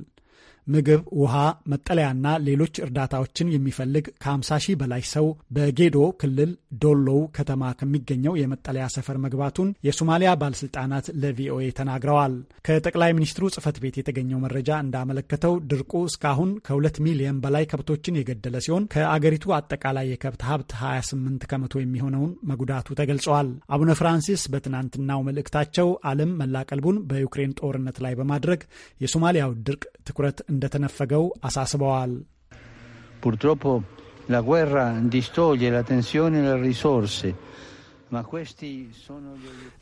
ምግብ፣ ውሃ፣ መጠለያና ሌሎች እርዳታዎችን የሚፈልግ ከ50 ሺህ በላይ ሰው በጌዶ ክልል ዶሎው ከተማ ከሚገኘው የመጠለያ ሰፈር መግባቱን የሶማሊያ ባለስልጣናት ለቪኦኤ ተናግረዋል። ከጠቅላይ ሚኒስትሩ ጽህፈት ቤት የተገኘው መረጃ እንዳመለከተው ድርቁ እስካሁን ከ2 ሚሊዮን በላይ ከብቶችን የገደለ ሲሆን ከአገሪቱ አጠቃላይ የከብት ሀብት 28 ከመቶ የሚሆነውን መጉዳቱ ተገልጸዋል። አቡነ ፍራንሲስ በትናንትናው መልእክታቸው ዓለም መላቀልቡን በዩክሬን ጦርነት ላይ በማድረግ የሶማሊያው ድርቅ ትኩረት እንደተነፈገው አሳስበዋል። ፑርትሮፖ ላ ጉራ ዲስቶግlie la e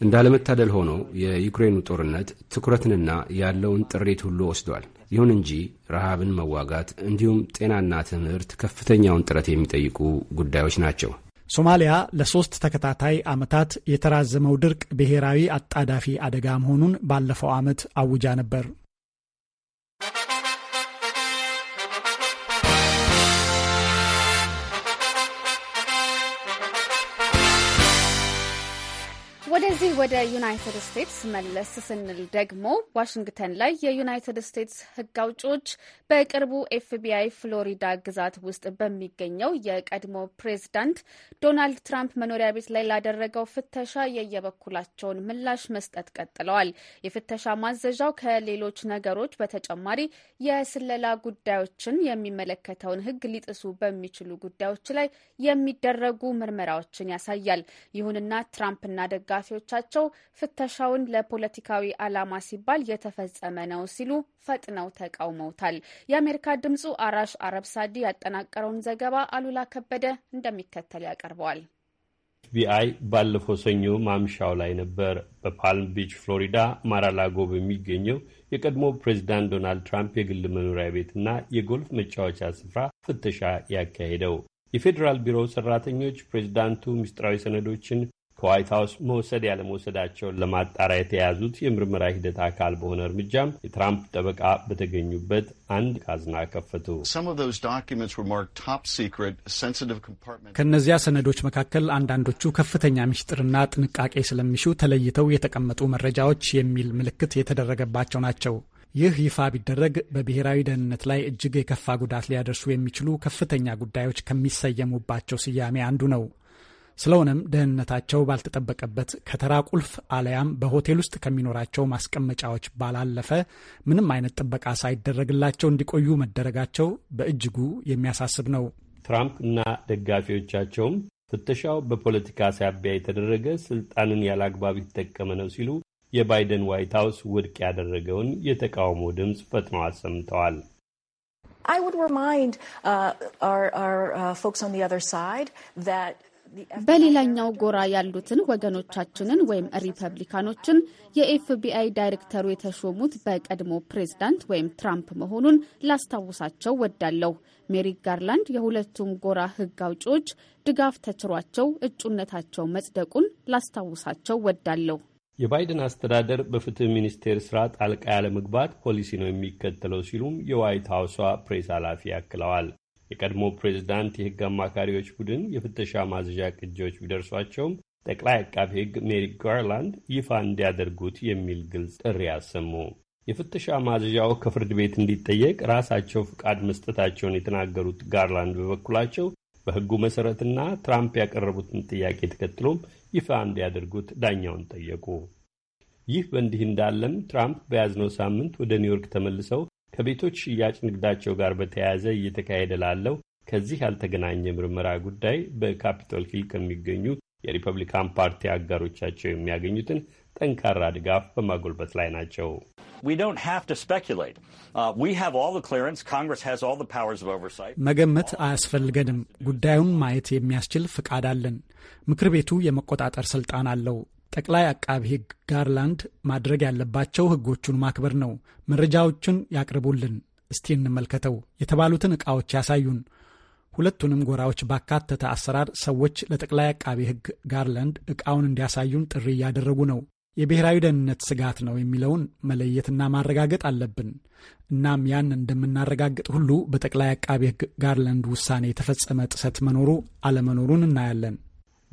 እንዳለመታደል ሆኖ የዩክሬኑ ጦርነት ትኩረትንና ያለውን ጥሪት ሁሉ ወስዷል። ይሁን እንጂ ረሃብን መዋጋት እንዲሁም ጤናና ትምህርት ከፍተኛውን ጥረት የሚጠይቁ ጉዳዮች ናቸው። ሶማሊያ ለሶስት ተከታታይ ዓመታት የተራዘመው ድርቅ ብሔራዊ አጣዳፊ አደጋ መሆኑን ባለፈው ዓመት አውጃ ነበር። ወደዚህ ወደ ዩናይትድ ስቴትስ መለስ ስንል ደግሞ ዋሽንግተን ላይ የዩናይትድ ስቴትስ ሕግ አውጪዎች በቅርቡ ኤፍቢአይ ፍሎሪዳ ግዛት ውስጥ በሚገኘው የቀድሞ ፕሬዝዳንት ዶናልድ ትራምፕ መኖሪያ ቤት ላይ ላደረገው ፍተሻ የየበኩላቸውን ምላሽ መስጠት ቀጥለዋል። የፍተሻ ማዘዣው ከሌሎች ነገሮች በተጨማሪ የስለላ ጉዳዮችን የሚመለከተውን ሕግ ሊጥሱ በሚችሉ ጉዳዮች ላይ የሚደረጉ ምርመራዎችን ያሳያል። ይሁንና ትራምፕና ደጋፊዎች ደንበኞቻቸው ፍተሻውን ለፖለቲካዊ ዓላማ ሲባል የተፈጸመ ነው ሲሉ ፈጥነው ተቃውመውታል። የአሜሪካ ድምጹ አራሽ አረብ ሳዲ ያጠናቀረውን ዘገባ አሉላ ከበደ እንደሚከተል ያቀርበዋል። ቢአይ ባለፈው ሰኞ ማምሻው ላይ ነበር በፓልም ቢች ፍሎሪዳ ማራላጎ በሚገኘው የቀድሞ ፕሬዚዳንት ዶናልድ ትራምፕ የግል መኖሪያ ቤትና የጎልፍ መጫወቻ ስፍራ ፍተሻ ያካሄደው። የፌዴራል ቢሮው ሰራተኞች ፕሬዚዳንቱ ምስጢራዊ ሰነዶችን ከዋይት ሀውስ መውሰድ ያለመውሰዳቸውን ለማጣሪያ የተያዙት የምርመራ ሂደት አካል በሆነ እርምጃም የትራምፕ ጠበቃ በተገኙበት አንድ ካዝና ከፈቱ። ከእነዚያ ሰነዶች መካከል አንዳንዶቹ ከፍተኛ ምስጢርና ጥንቃቄ ስለሚሹ ተለይተው የተቀመጡ መረጃዎች የሚል ምልክት የተደረገባቸው ናቸው። ይህ ይፋ ቢደረግ በብሔራዊ ደህንነት ላይ እጅግ የከፋ ጉዳት ሊያደርሱ የሚችሉ ከፍተኛ ጉዳዮች ከሚሰየሙባቸው ስያሜ አንዱ ነው። ስለሆነም ደህንነታቸው ባልተጠበቀበት ከተራ ቁልፍ አለያም በሆቴል ውስጥ ከሚኖራቸው ማስቀመጫዎች ባላለፈ ምንም አይነት ጥበቃ ሳይደረግላቸው እንዲቆዩ መደረጋቸው በእጅጉ የሚያሳስብ ነው። ትራምፕ እና ደጋፊዎቻቸውም ፍተሻው በፖለቲካ ሳቢያ የተደረገ ስልጣንን ያለአግባብ ይጠቀመ ነው ሲሉ የባይደን ዋይት ሀውስ ውድቅ ያደረገውን የተቃውሞ ድምፅ ፈጥነው አሰምተዋል። በሌላኛው ጎራ ያሉትን ወገኖቻችንን ወይም ሪፐብሊካኖችን የኤፍቢአይ ዳይሬክተሩ የተሾሙት በቀድሞ ፕሬዝዳንት ወይም ትራምፕ መሆኑን ላስታውሳቸው ወዳለሁ። ሜሪ ጋርላንድ የሁለቱም ጎራ ሕግ አውጪዎች ድጋፍ ተችሯቸው እጩነታቸው መጽደቁን ላስታውሳቸው ወዳለሁ። የባይደን አስተዳደር በፍትህ ሚኒስቴር ስራ ጣልቃ ያለመግባት ፖሊሲ ነው የሚከተለው ሲሉም የዋይት ሀውሷ ፕሬስ ኃላፊ አክለዋል። የቀድሞ ፕሬዚዳንት የህግ አማካሪዎች ቡድን የፍተሻ ማዘዣ ቅጂዎች ቢደርሷቸውም ጠቅላይ አቃቢ ህግ ሜሪ ጋርላንድ ይፋ እንዲያደርጉት የሚል ግልጽ ጥሪ አሰሙ። የፍተሻ ማዘዣው ከፍርድ ቤት እንዲጠየቅ ራሳቸው ፍቃድ መስጠታቸውን የተናገሩት ጋርላንድ በበኩላቸው በህጉ መሠረትና ትራምፕ ያቀረቡትን ጥያቄ ተከትሎም ይፋ እንዲያደርጉት ዳኛውን ጠየቁ። ይህ በእንዲህ እንዳለም ትራምፕ በያዝነው ሳምንት ወደ ኒውዮርክ ተመልሰው ከቤቶች ሽያጭ ንግዳቸው ጋር በተያያዘ እየተካሄደ ላለው ከዚህ ያልተገናኘ ምርመራ ጉዳይ በካፒቶል ሂል ከሚገኙ የሪፐብሊካን ፓርቲ አጋሮቻቸው የሚያገኙትን ጠንካራ ድጋፍ በማጎልበት ላይ ናቸው። uh, መገመት አያስፈልገንም። ጉዳዩን ማየት የሚያስችል ፍቃድ አለን። ምክር ቤቱ የመቆጣጠር ስልጣን አለው። ጠቅላይ አቃቢ ሕግ ጋርላንድ ማድረግ ያለባቸው ሕጎቹን ማክበር ነው። መረጃዎቹን ያቅርቡልን፣ እስቲ እንመልከተው፣ የተባሉትን ዕቃዎች ያሳዩን። ሁለቱንም ጎራዎች ባካተተ አሰራር ሰዎች ለጠቅላይ አቃቢ ሕግ ጋርላንድ ዕቃውን እንዲያሳዩን ጥሪ እያደረጉ ነው። የብሔራዊ ደህንነት ስጋት ነው የሚለውን መለየትና ማረጋገጥ አለብን። እናም ያን እንደምናረጋግጥ ሁሉ በጠቅላይ አቃቢ ሕግ ጋርላንድ ውሳኔ የተፈጸመ ጥሰት መኖሩ አለመኖሩን እናያለን።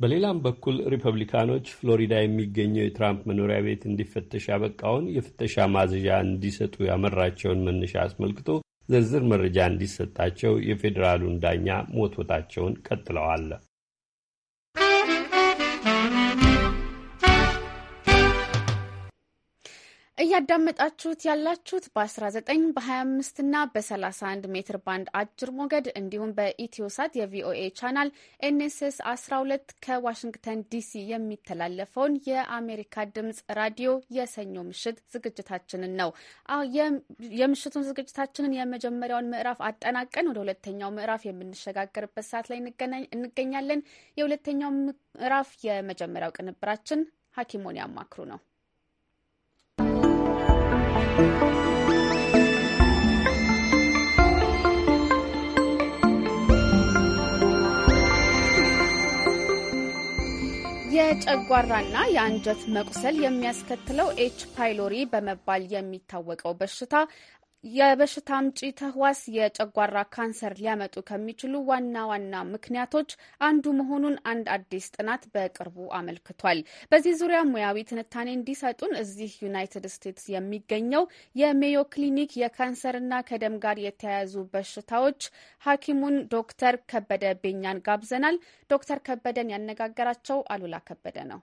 በሌላም በኩል ሪፐብሊካኖች ፍሎሪዳ የሚገኘው የትራምፕ መኖሪያ ቤት እንዲፈተሽ ያበቃውን የፍተሻ ማዘዣ እንዲሰጡ ያመራቸውን መነሻ አስመልክቶ ዝርዝር መረጃ እንዲሰጣቸው የፌዴራሉን ዳኛ መወትወታቸውን ቀጥለዋል። እያዳመጣችሁት ያላችሁት በ19 በ25 እና በ31 ሜትር ባንድ አጭር ሞገድ እንዲሁም በኢትዮሳት የቪኦኤ ቻናል ኤንኤስኤስ 12 ከዋሽንግተን ዲሲ የሚተላለፈውን የአሜሪካ ድምጽ ራዲዮ የሰኞ ምሽት ዝግጅታችንን ነው። የምሽቱን ዝግጅታችንን የመጀመሪያውን ምዕራፍ አጠናቀን ወደ ሁለተኛው ምዕራፍ የምንሸጋገርበት ሰዓት ላይ እንገኛለን። የሁለተኛው ምዕራፍ የመጀመሪያው ቅንብራችን ሐኪሞን ያማክሩ ነው። የጨጓራና የአንጀት መቁሰል የሚያስከትለው ኤች ፓይሎሪ በመባል የሚታወቀው በሽታ የበሽታ አምጪ ተህዋስ የጨጓራ ካንሰር ሊያመጡ ከሚችሉ ዋና ዋና ምክንያቶች አንዱ መሆኑን አንድ አዲስ ጥናት በቅርቡ አመልክቷል። በዚህ ዙሪያ ሙያዊ ትንታኔ እንዲሰጡን እዚህ ዩናይትድ ስቴትስ የሚገኘው የሜዮ ክሊኒክ የካንሰርና ከደም ጋር የተያያዙ በሽታዎች ሐኪሙን ዶክተር ከበደ ቤኛን ጋብዘናል። ዶክተር ከበደን ያነጋገራቸው አሉላ ከበደ ነው።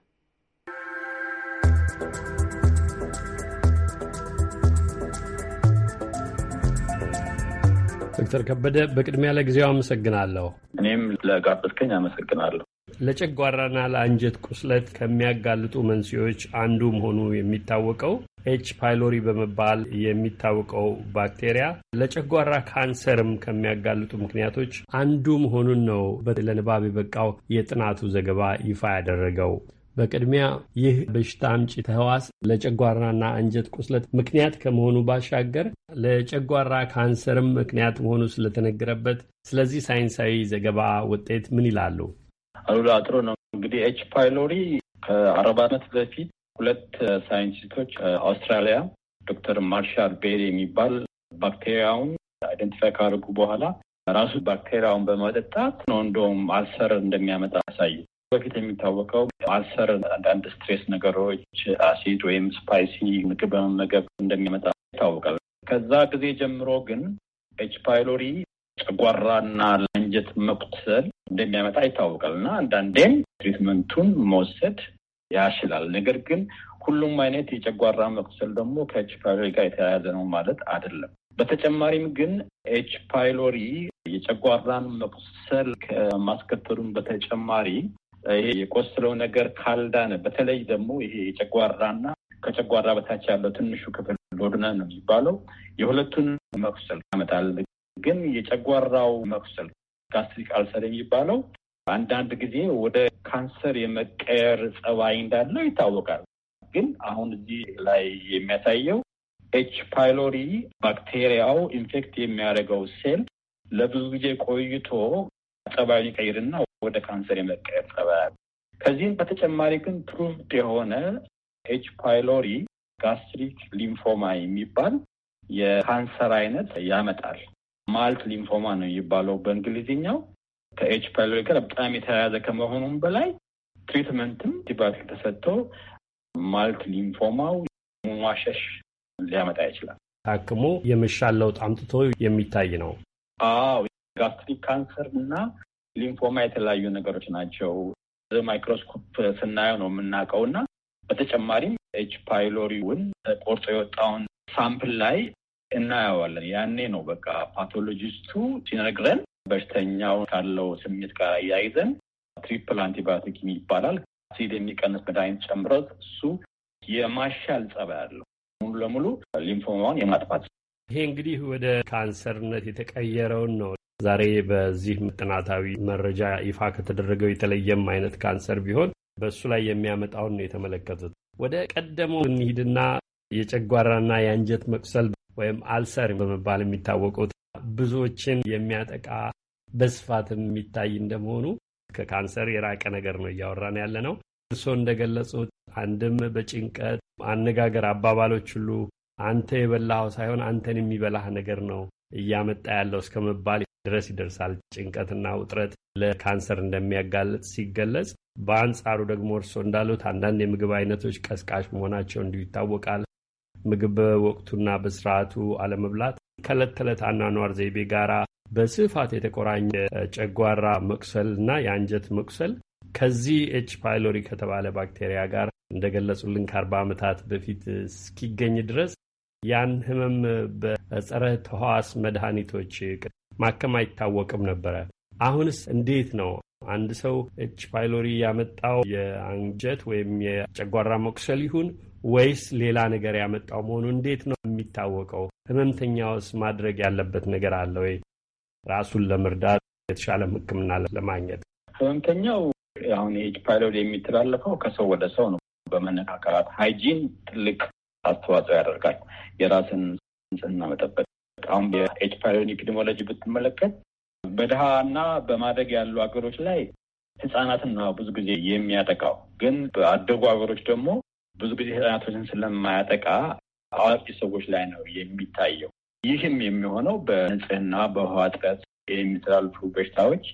ዶክተር ከበደ በቅድሚያ ለጊዜው አመሰግናለሁ። እኔም ለጋበዝከኝ አመሰግናለሁ። ለጨጓራና ለአንጀት ቁስለት ከሚያጋልጡ መንስኤዎች አንዱ መሆኑ የሚታወቀው ኤች ፓይሎሪ በመባል የሚታወቀው ባክቴሪያ ለጨጓራ ካንሰርም ከሚያጋልጡ ምክንያቶች አንዱ መሆኑን ነው ለንባብ የበቃው የጥናቱ ዘገባ ይፋ ያደረገው። በቅድሚያ ይህ በሽታ አምጪ ተህዋስ ለጨጓራና አንጀት ቁስለት ምክንያት ከመሆኑ ባሻገር ለጨጓራ ካንሰርም ምክንያት መሆኑ ስለተነገረበት ስለዚህ ሳይንሳዊ ዘገባ ውጤት ምን ይላሉ? አሉላ ጥሩ ነው። እንግዲህ ኤች ፓይሎሪ ከአርባ ዓመት በፊት ሁለት ሳይንቲስቶች አውስትራሊያ ዶክተር ማርሻል ቤሪ የሚባል ባክቴሪያውን አይደንቲፋይ ካደረጉ በኋላ ራሱ ባክቴሪያውን በመጠጣት ነው እንደውም አልሰር እንደሚያመጣ ያሳዩ በፊት የሚታወቀው አልሰር አንዳንድ ስትሬስ ነገሮች፣ አሲድ ወይም ስፓይሲ ምግብ በመመገብ እንደሚመጣ ይታወቃል። ከዛ ጊዜ ጀምሮ ግን ኤች ፓይሎሪ ጨጓራና ለአንጀት መቁሰል እንደሚያመጣ ይታወቃል እና አንዳንዴም ትሪትመንቱን መውሰድ ያሽላል። ነገር ግን ሁሉም አይነት የጨጓራ መቁሰል ደግሞ ከኤች ፓይሎሪ ጋር የተያያዘ ነው ማለት አይደለም። በተጨማሪም ግን ኤች ፓይሎሪ የጨጓራን መቁሰል ከማስከተሉን በተጨማሪ ይሄ የቆሰለው ነገር ካልዳነ በተለይ ደግሞ ይሄ የጨጓራና ከጨጓራ በታች ያለው ትንሹ ክፍል ሎድነ ነው የሚባለው የሁለቱን መቁሰል ያመጣል። ግን የጨጓራው መቁሰል ጋስትሪክ አልሰር የሚባለው አንዳንድ ጊዜ ወደ ካንሰር የመቀየር ጸባይ እንዳለው ይታወቃል። ግን አሁን እዚህ ላይ የሚያሳየው ኤች ፓይሎሪ ባክቴሪያው ኢንፌክት የሚያደርገው ሴል ለብዙ ጊዜ ቆይቶ ጸባዩን ይቀይርና ወደ ካንሰር የመቀየር ጸባይ ከዚህም በተጨማሪ ግን ፕሩቭድ የሆነ ኤች ፓይሎሪ ጋስትሪክ ሊምፎማ የሚባል የካንሰር አይነት ያመጣል። ማልት ሊምፎማ ነው የሚባለው በእንግሊዝኛው። ከኤች ፓይሎሪ ጋር በጣም የተያያዘ ከመሆኑም በላይ ትሪትመንትም ቲባክ ተሰጥተው ማልት ሊምፎማው ሟሸሽ ሊያመጣ ይችላል። ታክሞ የመሻል ለውጥ አምጥቶ የሚታይ ነው። አዎ ጋስትሪክ ካንሰር እና ሊምፎማ የተለያዩ ነገሮች ናቸው። ማይክሮስኮፕ ስናየው ነው የምናውቀው እና በተጨማሪም ኤች ፓይሎሪውን ቆርጦ የወጣውን ሳምፕል ላይ እናየዋለን። ያኔ ነው በቃ ፓቶሎጂስቱ ሲነግረን በሽተኛው ካለው ስሜት ጋር አያይዘን ትሪፕል አንቲባዮቲክ ይባላል አሲድ የሚቀንስ መድኃኒት ጨምሮ እሱ የማሻል ጸባይ አለው ሙሉ ለሙሉ ሊምፎማውን የማጥፋት ይሄ እንግዲህ ወደ ካንሰርነት የተቀየረውን ነው ዛሬ በዚህ ጥናታዊ መረጃ ይፋ ከተደረገው የተለየም አይነት ካንሰር ቢሆን በእሱ ላይ የሚያመጣውን ነው የተመለከቱት። ወደ ቀደመው እንሂድና የጨጓራና የአንጀት መቁሰል ወይም አልሰር በመባል የሚታወቁት ብዙዎችን የሚያጠቃ በስፋትም የሚታይ እንደመሆኑ ከካንሰር የራቀ ነገር ነው እያወራን ያለ ነው። እርስዎ እንደገለጹት አንድም በጭንቀት አነጋገር፣ አባባሎች ሁሉ አንተ የበላኸው ሳይሆን አንተን የሚበላህ ነገር ነው እያመጣ ያለው እስከ መባል ድረስ ይደርሳል። ጭንቀትና ውጥረት ለካንሰር እንደሚያጋልጥ ሲገለጽ፣ በአንጻሩ ደግሞ እርስዎ እንዳሉት አንዳንድ የምግብ አይነቶች ቀስቃሽ መሆናቸው እንዲሁ ይታወቃል። ምግብ በወቅቱና በስርዓቱ አለመብላት ከዕለት ተዕለት አኗኗር ዘይቤ ጋራ በስፋት የተቆራኘ ጨጓራ መቁሰል እና የአንጀት መቁሰል ከዚህ ኤች ፓይሎሪ ከተባለ ባክቴሪያ ጋር እንደገለጹልን ከአርባ ዓመታት በፊት እስኪገኝ ድረስ ያን ህመም በጸረ ተህዋስ መድኃኒቶች ማከም አይታወቅም ነበረ። አሁንስ እንዴት ነው? አንድ ሰው ኤች ፓይሎሪ ያመጣው የአንጀት ወይም የጨጓራ መቁሰል ይሁን ወይስ ሌላ ነገር ያመጣው መሆኑ እንዴት ነው የሚታወቀው? ህመምተኛውስ ማድረግ ያለበት ነገር አለ ወይ? ራሱን ለመርዳት የተሻለ ህክምና ለማግኘት ህመምተኛው አሁን ኤች ፓይሎሪ የሚተላለፈው ከሰው ወደ ሰው ነው፣ በመነካከራት ሃይጂን ትልቅ አስተዋጽኦ ያደርጋል። የራስን ንጽህና መጠበቅ አሁን የኤች ፓይሎሪ ኤፒዲሞሎጂ ብትመለከት በድሃ እና በማደግ ያሉ ሀገሮች ላይ ህጻናትን ነው ብዙ ጊዜ የሚያጠቃው። ግን በአደጉ ሀገሮች ደግሞ ብዙ ጊዜ ህጻናቶችን ስለማያጠቃ አዋቂ ሰዎች ላይ ነው የሚታየው። ይህም የሚሆነው በንጽህና፣ በውሃ እጥረት የሚተላልፉ በሽታዎች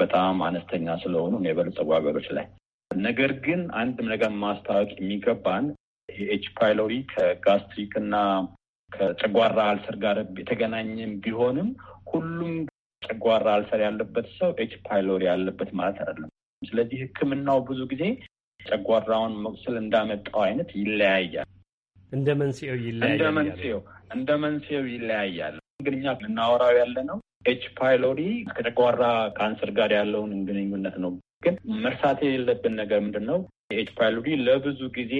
በጣም አነስተኛ ስለሆኑ የበለጸጉ ሀገሮች ላይ። ነገር ግን አንድም ነገር ማስታወቅ የሚገባን የኤች ፓይሎሪ ከጋስትሪክ እና ከጨጓራ አልሰር ጋር የተገናኘም ቢሆንም ሁሉም ጨጓራ አልሰር ያለበት ሰው ኤች ፓይሎሪ ያለበት ማለት አይደለም። ስለዚህ ሕክምናው ብዙ ጊዜ ጨጓራውን መቁሰል እንዳመጣው አይነት ይለያያል። እንደ መንስኤው ይለያያል። እንደ መንስኤው እንደ መንስኤው ይለያያል። ግን እኛ የምናወራው ያለ ነው ኤች ፓይሎሪ ከጨጓራ ካንሰር ጋር ያለውን ግንኙነት ነው። ግን መርሳት የሌለብን ነገር ምንድን ነው? ኤች ፓይሎሪ ለብዙ ጊዜ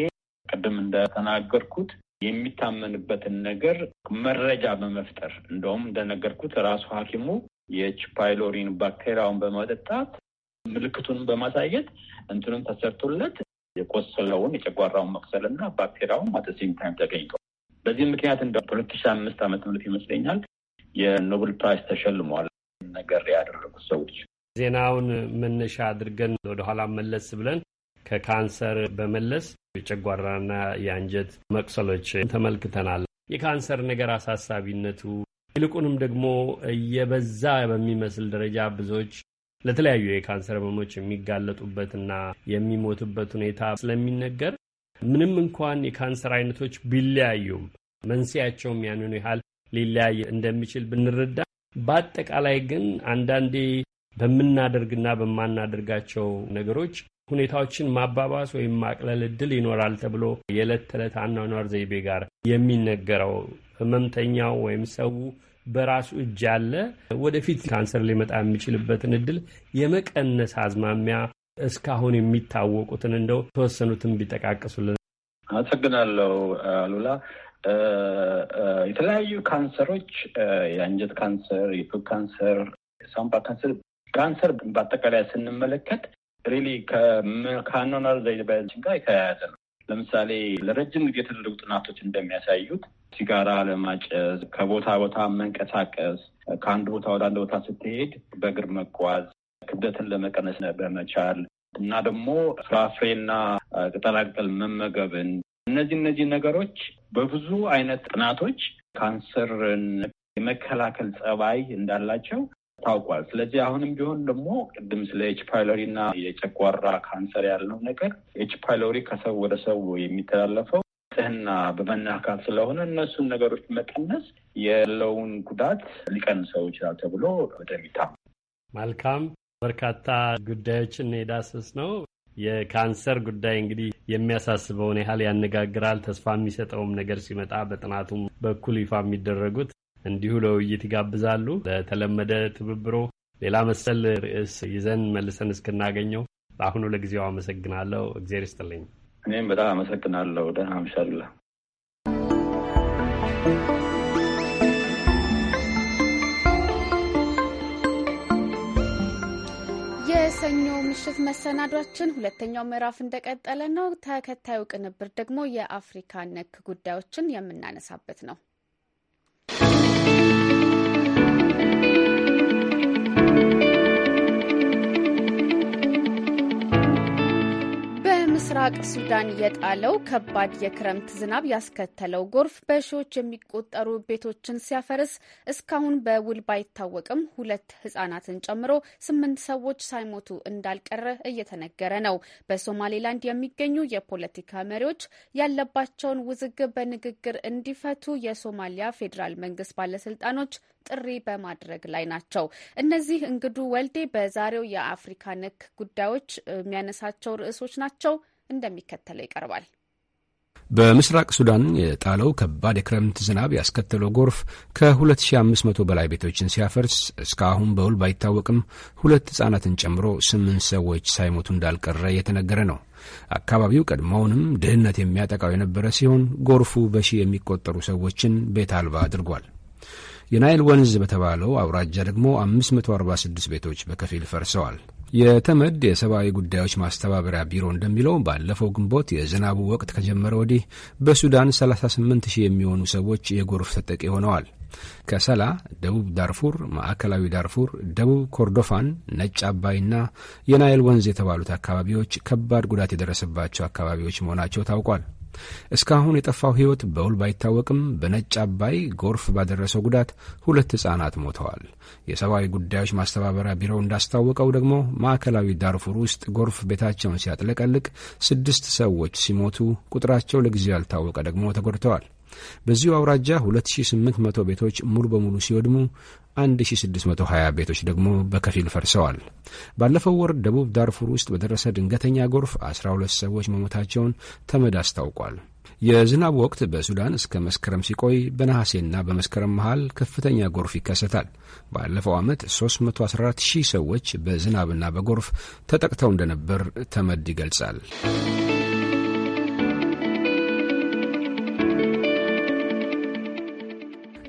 ቅድም እንደተናገርኩት የሚታመንበትን ነገር መረጃ በመፍጠር እንደውም እንደነገርኩት ራሱ ሐኪሙ የኤች ፓይሎሪን ባክቴሪያውን በመጠጣት ምልክቱን በማሳየት እንትኑን ተሰርቶለት የቆሰለውን የጨጓራውን መቅሰል እና ባክቴሪያውን ማተሴም ታይም ተገኝተው በዚህ ምክንያት እንደ ሁለት ሺ አምስት ዓመተ ምህረት ይመስለኛል የኖብል ፕራይስ ተሸልሟል። ነገር ያደረጉት ሰዎች ዜናውን መነሻ አድርገን ወደኋላ መለስ ብለን ከካንሰር በመለስ የጨጓራና የአንጀት መቁሰሎች ተመልክተናል። የካንሰር ነገር አሳሳቢነቱ ይልቁንም ደግሞ እየበዛ በሚመስል ደረጃ ብዙዎች ለተለያዩ የካንሰር ህመሞች የሚጋለጡበትና የሚሞቱበት ሁኔታ ስለሚነገር ምንም እንኳን የካንሰር አይነቶች ቢለያዩም መንስያቸውም ያንኑ ያህል ሊለያይ እንደሚችል ብንረዳ፣ በአጠቃላይ ግን አንዳንዴ በምናደርግና በማናደርጋቸው ነገሮች ሁኔታዎችን ማባባስ ወይም ማቅለል እድል ይኖራል ተብሎ የዕለት ተዕለት አኗኗር ዘይቤ ጋር የሚነገረው ህመምተኛው ወይም ሰው በራሱ እጅ ያለ ወደፊት ካንሰር ሊመጣ የሚችልበትን እድል የመቀነስ አዝማሚያ እስካሁን የሚታወቁትን እንደው ተወሰኑትን ቢጠቃቅሱልን። አመሰግናለሁ አሉላ። የተለያዩ ካንሰሮች የአንጀት ካንሰር፣ የጡት ካንሰር፣ ሳምባ ካንሰር፣ ካንሰር በአጠቃላይ ስንመለከት ሪሊ ከአኗኗር ዘይቤያችን ጋር የተያያዘ ነው። ለምሳሌ ለረጅም ጊዜ የተደረጉ ጥናቶች እንደሚያሳዩት ሲጋራ ለማጨስ፣ ከቦታ ቦታ መንቀሳቀስ፣ ከአንድ ቦታ ወደ አንድ ቦታ ስትሄድ በእግር መጓዝ፣ ክብደትን ለመቀነስ በመቻል እና ደግሞ ፍራፍሬና ቅጠላቅጠል መመገብን እነዚህ እነዚህ ነገሮች በብዙ አይነት ጥናቶች ካንሰርን የመከላከል ጸባይ እንዳላቸው ታውቋል። ስለዚህ አሁንም ቢሆን ደግሞ ቅድም ስለ ኤች ፓይሎሪ እና የጨጓራ ካንሰር ያለው ነገር ኤች ፓይሎሪ ከሰው ወደ ሰው የሚተላለፈው ንጽህና በመናካት ስለሆነ እነሱን ነገሮች መቀነስ ያለውን ጉዳት ሊቀንሰው ይችላል ተብሎ ወደሚታ መልካም በርካታ ጉዳዮችን የዳሰስ ነው። የካንሰር ጉዳይ እንግዲህ የሚያሳስበውን ያህል ያነጋግራል። ተስፋ የሚሰጠውም ነገር ሲመጣ በጥናቱም በኩል ይፋ የሚደረጉት እንዲሁ ለውይይት ይጋብዛሉ። ለተለመደ ትብብሮ ሌላ መሰል ርዕስ ይዘን መልሰን እስክናገኘው በአሁኑ ለጊዜው አመሰግናለሁ። እግዜር ይስጥልኝ። እኔም በጣም አመሰግናለሁ። ደህና አምሻላ። የሰኞ ምሽት መሰናዷችን ሁለተኛው ምዕራፍ እንደቀጠለ ነው። ተከታዩ ቅንብር ደግሞ የአፍሪካ ነክ ጉዳዮችን የምናነሳበት ነው። ምስራቅ ሱዳን የጣለው ከባድ የክረምት ዝናብ ያስከተለው ጎርፍ በሺዎች የሚቆጠሩ ቤቶችን ሲያፈርስ እስካሁን በውል ባይታወቅም ሁለት ሕጻናትን ጨምሮ ስምንት ሰዎች ሳይሞቱ እንዳልቀረ እየተነገረ ነው። በሶማሌላንድ የሚገኙ የፖለቲካ መሪዎች ያለባቸውን ውዝግብ በንግግር እንዲፈቱ የሶማሊያ ፌዴራል መንግስት ባለስልጣኖች ጥሪ በማድረግ ላይ ናቸው። እነዚህ እንግዱ ወልዴ በዛሬው የአፍሪካ ነክ ጉዳዮች የሚያነሳቸው ርዕሶች ናቸው። እንደሚከተለው ይቀርባል። በምስራቅ ሱዳን የጣለው ከባድ የክረምት ዝናብ ያስከተለው ጎርፍ ከ2500 በላይ ቤቶችን ሲያፈርስ እስካሁን በውል ባይታወቅም ሁለት ሕፃናትን ጨምሮ ስምንት ሰዎች ሳይሞቱ እንዳልቀረ እየተነገረ ነው። አካባቢው ቀድሞውንም ድህነት የሚያጠቃው የነበረ ሲሆን ጎርፉ በሺህ የሚቆጠሩ ሰዎችን ቤት አልባ አድርጓል። የናይል ወንዝ በተባለው አውራጃ ደግሞ 546 ቤቶች በከፊል ፈርሰዋል። የተመድ የሰብአዊ ጉዳዮች ማስተባበሪያ ቢሮ እንደሚለው ባለፈው ግንቦት የዝናቡ ወቅት ከጀመረ ወዲህ በሱዳን 38 ሺህ የሚሆኑ ሰዎች የጎርፍ ተጠቂ ሆነዋል። ከሰላ፣ ደቡብ ዳርፉር፣ ማዕከላዊ ዳርፉር፣ ደቡብ ኮርዶፋን፣ ነጭ አባይና የናይል ወንዝ የተባሉት አካባቢዎች ከባድ ጉዳት የደረሰባቸው አካባቢዎች መሆናቸው ታውቋል። እስካሁን የጠፋው ሕይወት በውል ባይታወቅም በነጭ አባይ ጎርፍ ባደረሰው ጉዳት ሁለት ሕፃናት ሞተዋል። የሰብአዊ ጉዳዮች ማስተባበሪያ ቢሮው እንዳስታወቀው ደግሞ ማዕከላዊ ዳርፉር ውስጥ ጎርፍ ቤታቸውን ሲያጥለቀልቅ ስድስት ሰዎች ሲሞቱ ቁጥራቸው ለጊዜው ያልታወቀ ደግሞ ተጎድተዋል። በዚሁ አውራጃ 2800 ቤቶች ሙሉ በሙሉ ሲወድሙ 1620 ቤቶች ደግሞ በከፊል ፈርሰዋል። ባለፈው ወር ደቡብ ዳርፉር ውስጥ በደረሰ ድንገተኛ ጎርፍ 12 ሰዎች መሞታቸውን ተመድ አስታውቋል። የዝናብ ወቅት በሱዳን እስከ መስከረም ሲቆይ በነሐሴና በመስከረም መሃል ከፍተኛ ጎርፍ ይከሰታል። ባለፈው ዓመት 314 ሺህ ሰዎች በዝናብና በጎርፍ ተጠቅተው እንደነበር ተመድ ይገልጻል።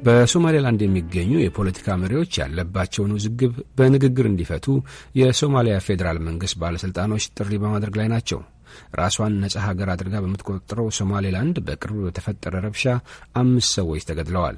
በሶማሌላንድ የሚገኙ የፖለቲካ መሪዎች ያለባቸውን ውዝግብ በንግግር እንዲፈቱ የሶማሊያ ፌዴራል መንግስት ባለሥልጣኖች ጥሪ በማድረግ ላይ ናቸው። ራሷን ነጻ ሀገር አድርጋ በምትቆጥረው ሶማሌላንድ በቅርቡ በተፈጠረ ረብሻ አምስት ሰዎች ተገድለዋል።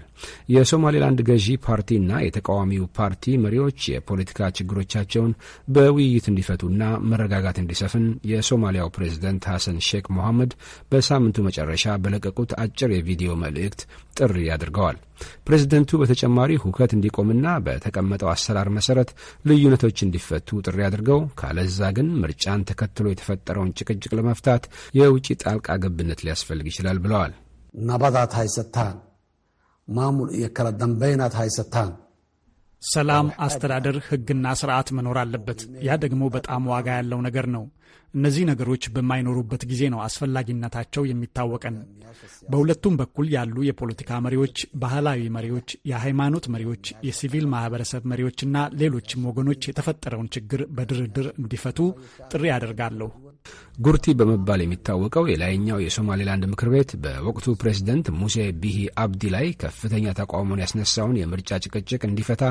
የሶማሌላንድ ገዢ ፓርቲና የተቃዋሚው ፓርቲ መሪዎች የፖለቲካ ችግሮቻቸውን በውይይት እንዲፈቱና መረጋጋት እንዲሰፍን የሶማሊያው ፕሬዝደንት ሐሰን ሼክ ሞሐመድ በሳምንቱ መጨረሻ በለቀቁት አጭር የቪዲዮ መልእክት ጥሪ አድርገዋል። ፕሬዝደንቱ በተጨማሪ ሁከት እንዲቆምና በተቀመጠው አሰራር መሰረት ልዩነቶች እንዲፈቱ ጥሪ አድርገው ካለዛ ግን ምርጫን ተከትሎ የተፈጠረውን ጭቅጭቅ ለመፍታት የውጭ ጣልቃ ገብነት ሊያስፈልግ ይችላል ብለዋል። ናባታት ሀይሰታን ማሙል የከለ ደንበይናት ሀይሰታን ሰላም፣ አስተዳደር፣ ህግና ስርዓት መኖር አለበት። ያ ደግሞ በጣም ዋጋ ያለው ነገር ነው። እነዚህ ነገሮች በማይኖሩበት ጊዜ ነው አስፈላጊነታቸው የሚታወቀን። በሁለቱም በኩል ያሉ የፖለቲካ መሪዎች፣ ባህላዊ መሪዎች፣ የሃይማኖት መሪዎች፣ የሲቪል ማህበረሰብ መሪዎችና ሌሎችም ወገኖች የተፈጠረውን ችግር በድርድር እንዲፈቱ ጥሪ አደርጋለሁ። ጉርቲ በመባል የሚታወቀው የላይኛው የሶማሌላንድ ምክር ቤት በወቅቱ ፕሬዚደንት ሙሴ ቢሂ አብዲ ላይ ከፍተኛ ተቃውሞን ያስነሳውን የምርጫ ጭቅጭቅ እንዲፈታ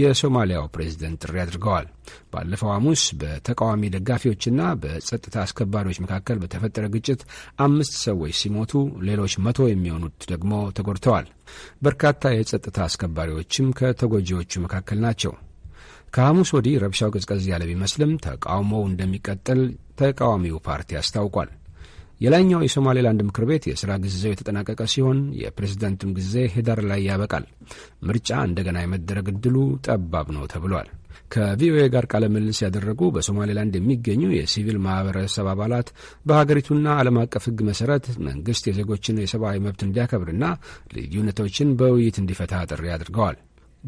የሶማሊያው ፕሬዚደንት ጥሪ አድርገዋል። ባለፈው ሐሙስ በተቃዋሚ ደጋፊዎችና በጸጥታ አስከባሪዎች መካከል በተፈጠረ ግጭት አምስት ሰዎች ሲሞቱ ሌሎች መቶ የሚሆኑት ደግሞ ተጎድተዋል። በርካታ የጸጥታ አስከባሪዎችም ከተጎጂዎቹ መካከል ናቸው። ከሐሙስ ወዲህ ረብሻው ቀዝቀዝ ያለ ቢመስልም ተቃውሞው እንደሚቀጥል ተቃዋሚው ፓርቲ አስታውቋል። የላይኛው የሶማሌላንድ ምክር ቤት የሥራ ጊዜው የተጠናቀቀ ሲሆን የፕሬዝደንትም ጊዜ ህዳር ላይ ያበቃል። ምርጫ እንደገና የመደረግ ዕድሉ ጠባብ ነው ተብሏል። ከቪኦኤ ጋር ቃለ ምልልስ ያደረጉ በሶማሌላንድ የሚገኙ የሲቪል ማህበረሰብ አባላት በሀገሪቱና ዓለም አቀፍ ሕግ መሠረት መንግሥት የዜጎችን የሰብአዊ መብት እንዲያከብርና ልዩነቶችን በውይይት እንዲፈታ ጥሪ አድርገዋል።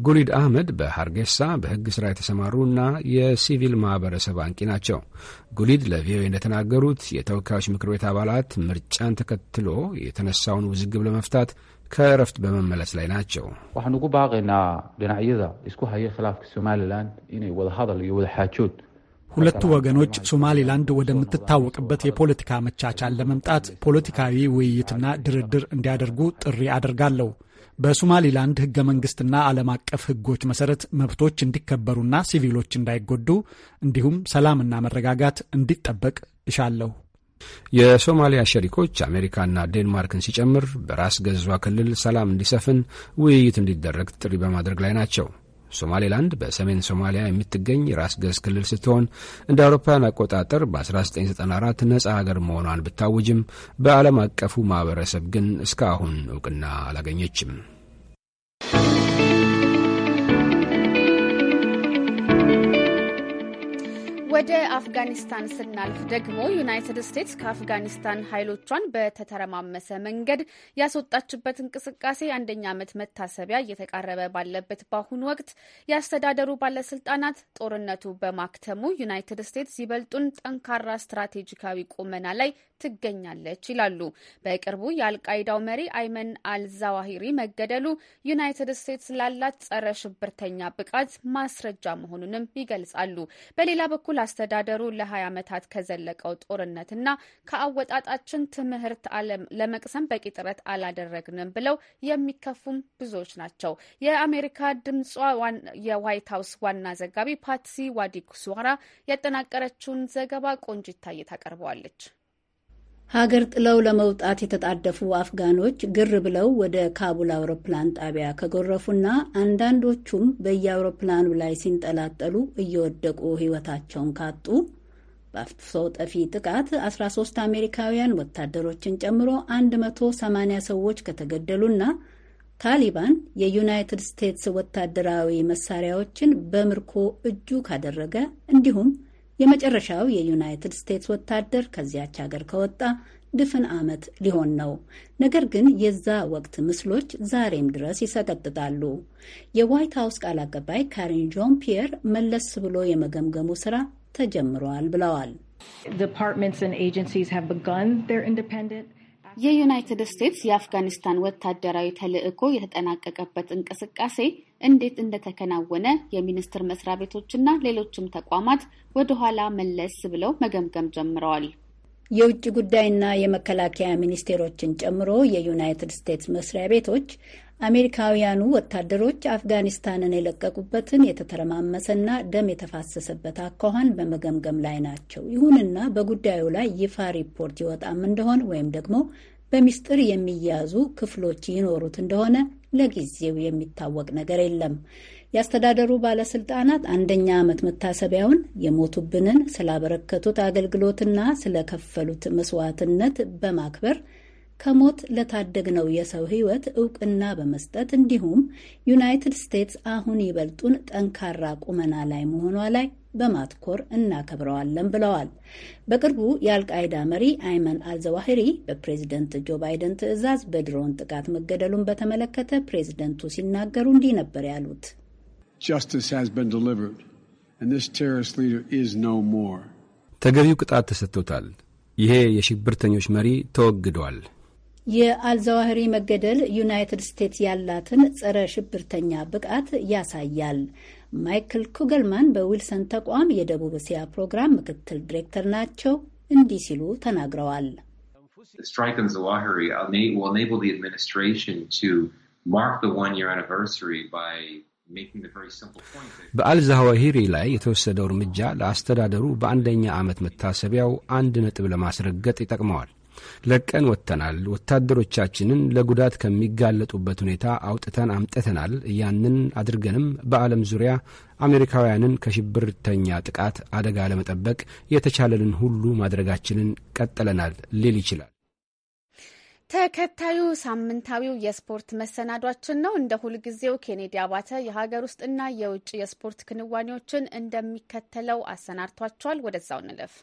ጉሊድ አህመድ በሃርጌሳ በሕግ ሥራ የተሰማሩና የሲቪል ማኅበረሰብ አንቂ ናቸው። ጉሊድ ለቪኦኤ እንደተናገሩት የተወካዮች ምክር ቤት አባላት ምርጫን ተከትሎ የተነሳውን ውዝግብ ለመፍታት ከእረፍት በመመለስ ላይ ናቸው። ዋሕን ቁ እስኩ ሃየ ክላፍ ሶማሊላንድ ኢነ ወደ ሀደል ወደ ሓቾት ሁለቱ ወገኖች ሶማሌላንድ ወደምትታወቅበት የፖለቲካ መቻቻል ለመምጣት ፖለቲካዊ ውይይትና ድርድር እንዲያደርጉ ጥሪ አደርጋለሁ። በሶማሊላንድ ህገ መንግስትና ዓለም አቀፍ ህጎች መሰረት መብቶች እንዲከበሩና ሲቪሎች እንዳይጎዱ እንዲሁም ሰላምና መረጋጋት እንዲጠበቅ እሻለሁ። የሶማሊያ ሸሪኮች አሜሪካና ዴንማርክን ሲጨምር በራስ ገዟ ክልል ሰላም እንዲሰፍን ውይይት እንዲደረግ ጥሪ በማድረግ ላይ ናቸው። ሶማሌላንድ በሰሜን ሶማሊያ የምትገኝ ራስ ገዝ ክልል ስትሆን እንደ አውሮፓውያን አቆጣጠር በ1994 ነጻ ሀገር መሆኗን ብታውጅም በዓለም አቀፉ ማህበረሰብ ግን እስካሁን እውቅና አላገኘችም። ወደ አፍጋኒስታን ስናልፍ ደግሞ ዩናይትድ ስቴትስ ከአፍጋኒስታን ኃይሎቿን በተተረማመሰ መንገድ ያስወጣችበት እንቅስቃሴ አንደኛ ዓመት መታሰቢያ እየተቃረበ ባለበት በአሁኑ ወቅት የአስተዳደሩ ባለስልጣናት ጦርነቱ በማክተሙ ዩናይትድ ስቴትስ ይበልጡን ጠንካራ ስትራቴጂካዊ ቁመና ላይ ትገኛለች ይላሉ። በቅርቡ የአልቃይዳው መሪ አይመን አልዛዋሂሪ መገደሉ ዩናይትድ ስቴትስ ላላት ጸረ ሽብርተኛ ብቃት ማስረጃ መሆኑንም ይገልጻሉ። በሌላ በኩል አስተዳደሩ ለሀያ ዓመታት ከዘለቀው ጦርነትና ከአወጣጣችን ትምህርት ለመቅሰም በቂ ጥረት አላደረግንም ብለው የሚከፉም ብዙዎች ናቸው። የአሜሪካ ድምጿ የዋይት ሀውስ ዋና ዘጋቢ ፓትሲ ዋዲኩስዋራ ያጠናቀረችውን ዘገባ ቆንጅታ እየታቀርበዋለች። ታቀርበዋለች። ሀገር ጥለው ለመውጣት የተጣደፉ አፍጋኖች ግር ብለው ወደ ካቡል አውሮፕላን ጣቢያ ከጎረፉና አንዳንዶቹም በየአውሮፕላኑ ላይ ሲንጠላጠሉ እየወደቁ ሕይወታቸውን ካጡ በአጥፍቶ ጠፊ ጥቃት 13 አሜሪካውያን ወታደሮችን ጨምሮ 180 ሰዎች ከተገደሉና ታሊባን የዩናይትድ ስቴትስ ወታደራዊ መሳሪያዎችን በምርኮ እጁ ካደረገ እንዲሁም የመጨረሻው የዩናይትድ ስቴትስ ወታደር ከዚያች ሀገር ከወጣ ድፍን ዓመት ሊሆን ነው። ነገር ግን የዛ ወቅት ምስሎች ዛሬም ድረስ ይሰቀጥጣሉ። የዋይት ሀውስ ቃል አቀባይ ካሪን ጆን ፒየር መለስ ብሎ የመገምገሙ ስራ ተጀምረዋል ብለዋል። የዩናይትድ ስቴትስ የአፍጋኒስታን ወታደራዊ ተልዕኮ የተጠናቀቀበት እንቅስቃሴ እንዴት እንደተከናወነ የሚኒስቴር መስሪያ ቤቶችና ሌሎችም ተቋማት ወደኋላ መለስ ብለው መገምገም ጀምረዋል። የውጭ ጉዳይና የመከላከያ ሚኒስቴሮችን ጨምሮ የዩናይትድ ስቴትስ መስሪያ ቤቶች አሜሪካውያኑ ወታደሮች አፍጋኒስታንን የለቀቁበትን የተተረማመሰና ደም የተፋሰሰበት አኳኋን በመገምገም ላይ ናቸው። ይሁንና በጉዳዩ ላይ ይፋ ሪፖርት ይወጣም እንደሆን ወይም ደግሞ በሚስጥር የሚያዙ ክፍሎች ይኖሩት እንደሆነ ለጊዜው የሚታወቅ ነገር የለም። የአስተዳደሩ ባለስልጣናት አንደኛ ዓመት መታሰቢያውን የሞቱብንን ስላበረከቱት አገልግሎትና ስለከፈሉት መስዋዕትነት በማክበር ከሞት ለታደግነው የሰው ሕይወት እውቅና በመስጠት እንዲሁም ዩናይትድ ስቴትስ አሁን ይበልጡን ጠንካራ ቁመና ላይ መሆኗ ላይ በማትኮር እናከብረዋለን ብለዋል። በቅርቡ የአልቃይዳ መሪ አይመን አልዘዋሂሪ በፕሬዝደንት ጆ ባይደን ትዕዛዝ በድሮን ጥቃት መገደሉን በተመለከተ ፕሬዝደንቱ ሲናገሩ እንዲህ ነበር ያሉት። ተገቢው ቅጣት ተሰጥቶታል። ይሄ የሽብርተኞች መሪ ተወግዷል። የአልዛዋህሪ መገደል ዩናይትድ ስቴትስ ያላትን ጸረ ሽብርተኛ ብቃት ያሳያል። ማይክል ኩገልማን በዊልሰን ተቋም የደቡብ እስያ ፕሮግራም ምክትል ዲሬክተር ናቸው። እንዲህ ሲሉ ተናግረዋል። በአልዛዋሂሪ ላይ የተወሰደው እርምጃ ለአስተዳደሩ በአንደኛ ዓመት መታሰቢያው አንድ ነጥብ ለማስረገጥ ይጠቅመዋል። ለቀን ወጥተናል። ወታደሮቻችንን ለጉዳት ከሚጋለጡበት ሁኔታ አውጥተን አምጥተናል። ያንን አድርገንም በዓለም ዙሪያ አሜሪካውያንን ከሽብርተኛ ጥቃት አደጋ ለመጠበቅ የተቻለንን ሁሉ ማድረጋችንን ቀጥለናል ሊል ይችላል። ተከታዩ ሳምንታዊው የስፖርት መሰናዷችን ነው። እንደ ሁልጊዜው ኬኔዲ አባተ የሀገር ውስጥና የውጭ የስፖርት ክንዋኔዎችን እንደሚከተለው አሰናድቷቸዋል። ወደዛው እንለፍ።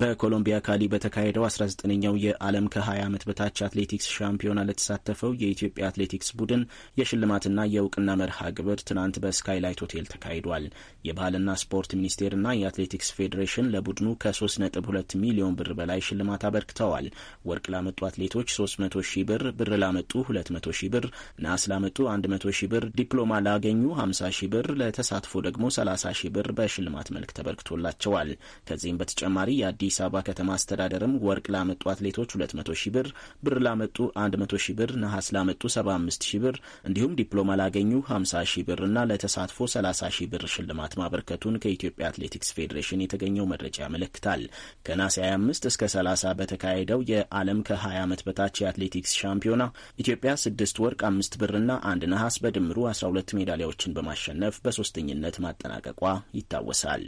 በኮሎምቢያ ካሊ በተካሄደው 19ኛው የዓለም ከ20 ዓመት በታች አትሌቲክስ ሻምፒዮና ለተሳተፈው የኢትዮጵያ አትሌቲክስ ቡድን የሽልማትና የእውቅና መርሃ ግብር ትናንት በስካይላይት ሆቴል ተካሂዷል። የባህልና ስፖርት ሚኒስቴርና የአትሌቲክስ ፌዴሬሽን ለቡድኑ ከ3.2 ሚሊዮን ብር በላይ ሽልማት አበርክተዋል። ወርቅ ላመጡ አትሌቶች 300 ሺ ብር፣ ብር ላመጡ 200 ሺህ ብር፣ ነሐስ ላመጡ 100 ሺህ ብር፣ ዲፕሎማ ላገኙ 50 ሺህ ብር፣ ለተሳትፎ ደግሞ 30 ሺህ ብር በሽልማት መልክ ተበርክቶላቸዋል። ከዚህም በተጨማሪ የአዲስ የአዲስ አበባ ከተማ አስተዳደርም ወርቅ ላመጡ አትሌቶች 200 ሺ ብር፣ ብር ላመጡ 100 ሺ ብር፣ ነሐስ ላመጡ 75 ሺ ብር እንዲሁም ዲፕሎማ ላገኙ 50 ሺ ብር እና ለተሳትፎ 30 ሺ ብር ሽልማት ማበርከቱን ከኢትዮጵያ አትሌቲክስ ፌዴሬሽን የተገኘው መረጃ ያመለክታል። ከነሐሴ 25 እስከ 30 በተካሄደው የዓለም ከ20 ዓመት በታች የአትሌቲክስ ሻምፒዮና ኢትዮጵያ 6 ወርቅ፣ 5 ብርና አንድ ነሐስ በድምሩ 12 ሜዳሊያዎችን በማሸነፍ በሶስተኝነት ማጠናቀቋ ይታወሳል።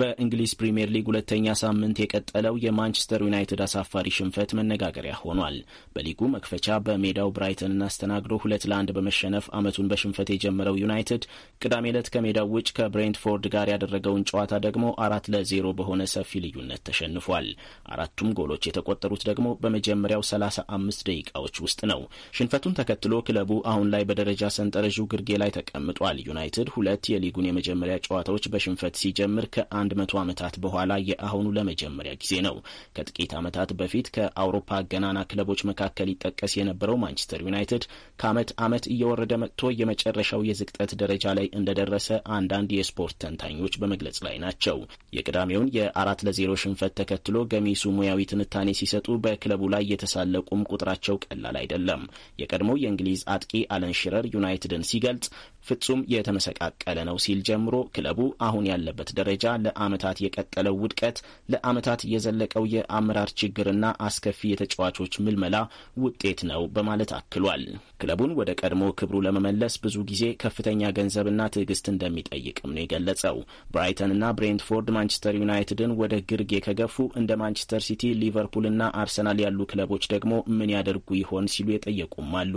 በእንግሊዝ ፕሪምየር ሊግ ሁለተኛ ሳምንት የቀጠለው የማንቸስተር ዩናይትድ አሳፋሪ ሽንፈት መነጋገሪያ ሆኗል። በሊጉ መክፈቻ በሜዳው ብራይተንን አስተናግዶ ሁለት ለአንድ በመሸነፍ አመቱን በሽንፈት የጀመረው ዩናይትድ ቅዳሜ ዕለት ከሜዳው ውጭ ከብሬንትፎርድ ጋር ያደረገውን ጨዋታ ደግሞ አራት ለዜሮ በሆነ ሰፊ ልዩነት ተሸንፏል። አራቱም ጎሎች የተቆጠሩት ደግሞ በመጀመሪያው 35 ደቂቃዎች ውስጥ ነው። ሽንፈቱን ተከትሎ ክለቡ አሁን ላይ በደረጃ ሰንጠረዡ ግርጌ ላይ ተቀምጧል። ዩናይትድ ሁለት የሊጉን የመጀመሪያ ጨዋታዎች በሽንፈት ሲጀምር ከአንድ ከአንድ መቶ ዓመታት በኋላ የአሁኑ ለመጀመሪያ ጊዜ ነው። ከጥቂት ዓመታት በፊት ከአውሮፓ ገናና ክለቦች መካከል ይጠቀስ የነበረው ማንቸስተር ዩናይትድ ከዓመት ዓመት እየወረደ መጥቶ የመጨረሻው የዝቅጠት ደረጃ ላይ እንደደረሰ አንዳንድ የስፖርት ተንታኞች በመግለጽ ላይ ናቸው። የቅዳሜውን የአራት ለዜሮ ሽንፈት ተከትሎ ገሚሱ ሙያዊ ትንታኔ ሲሰጡ በክለቡ ላይ የተሳለቁም ቁጥራቸው ቀላል አይደለም። የቀድሞው የእንግሊዝ አጥቂ አለን ሽረር ዩናይትድን ሲገልጽ ፍጹም የተመሰቃቀለ ነው ሲል ጀምሮ ክለቡ አሁን ያለበት ደረጃ ለዓመታት የቀጠለው ውድቀት፣ ለዓመታት የዘለቀው የአመራር ችግርና አስከፊ የተጫዋቾች ምልመላ ውጤት ነው በማለት አክሏል። ክለቡን ወደ ቀድሞ ክብሩ ለመመለስ ብዙ ጊዜ ከፍተኛ ገንዘብና ትዕግስት እንደሚጠይቅም ነው የገለጸው። ብራይተንና ብሬንትፎርድ ማንቸስተር ዩናይትድን ወደ ግርጌ ከገፉ እንደ ማንቸስተር ሲቲ፣ ሊቨርፑልና አርሰናል ያሉ ክለቦች ደግሞ ምን ያደርጉ ይሆን ሲሉ የጠየቁም አሉ።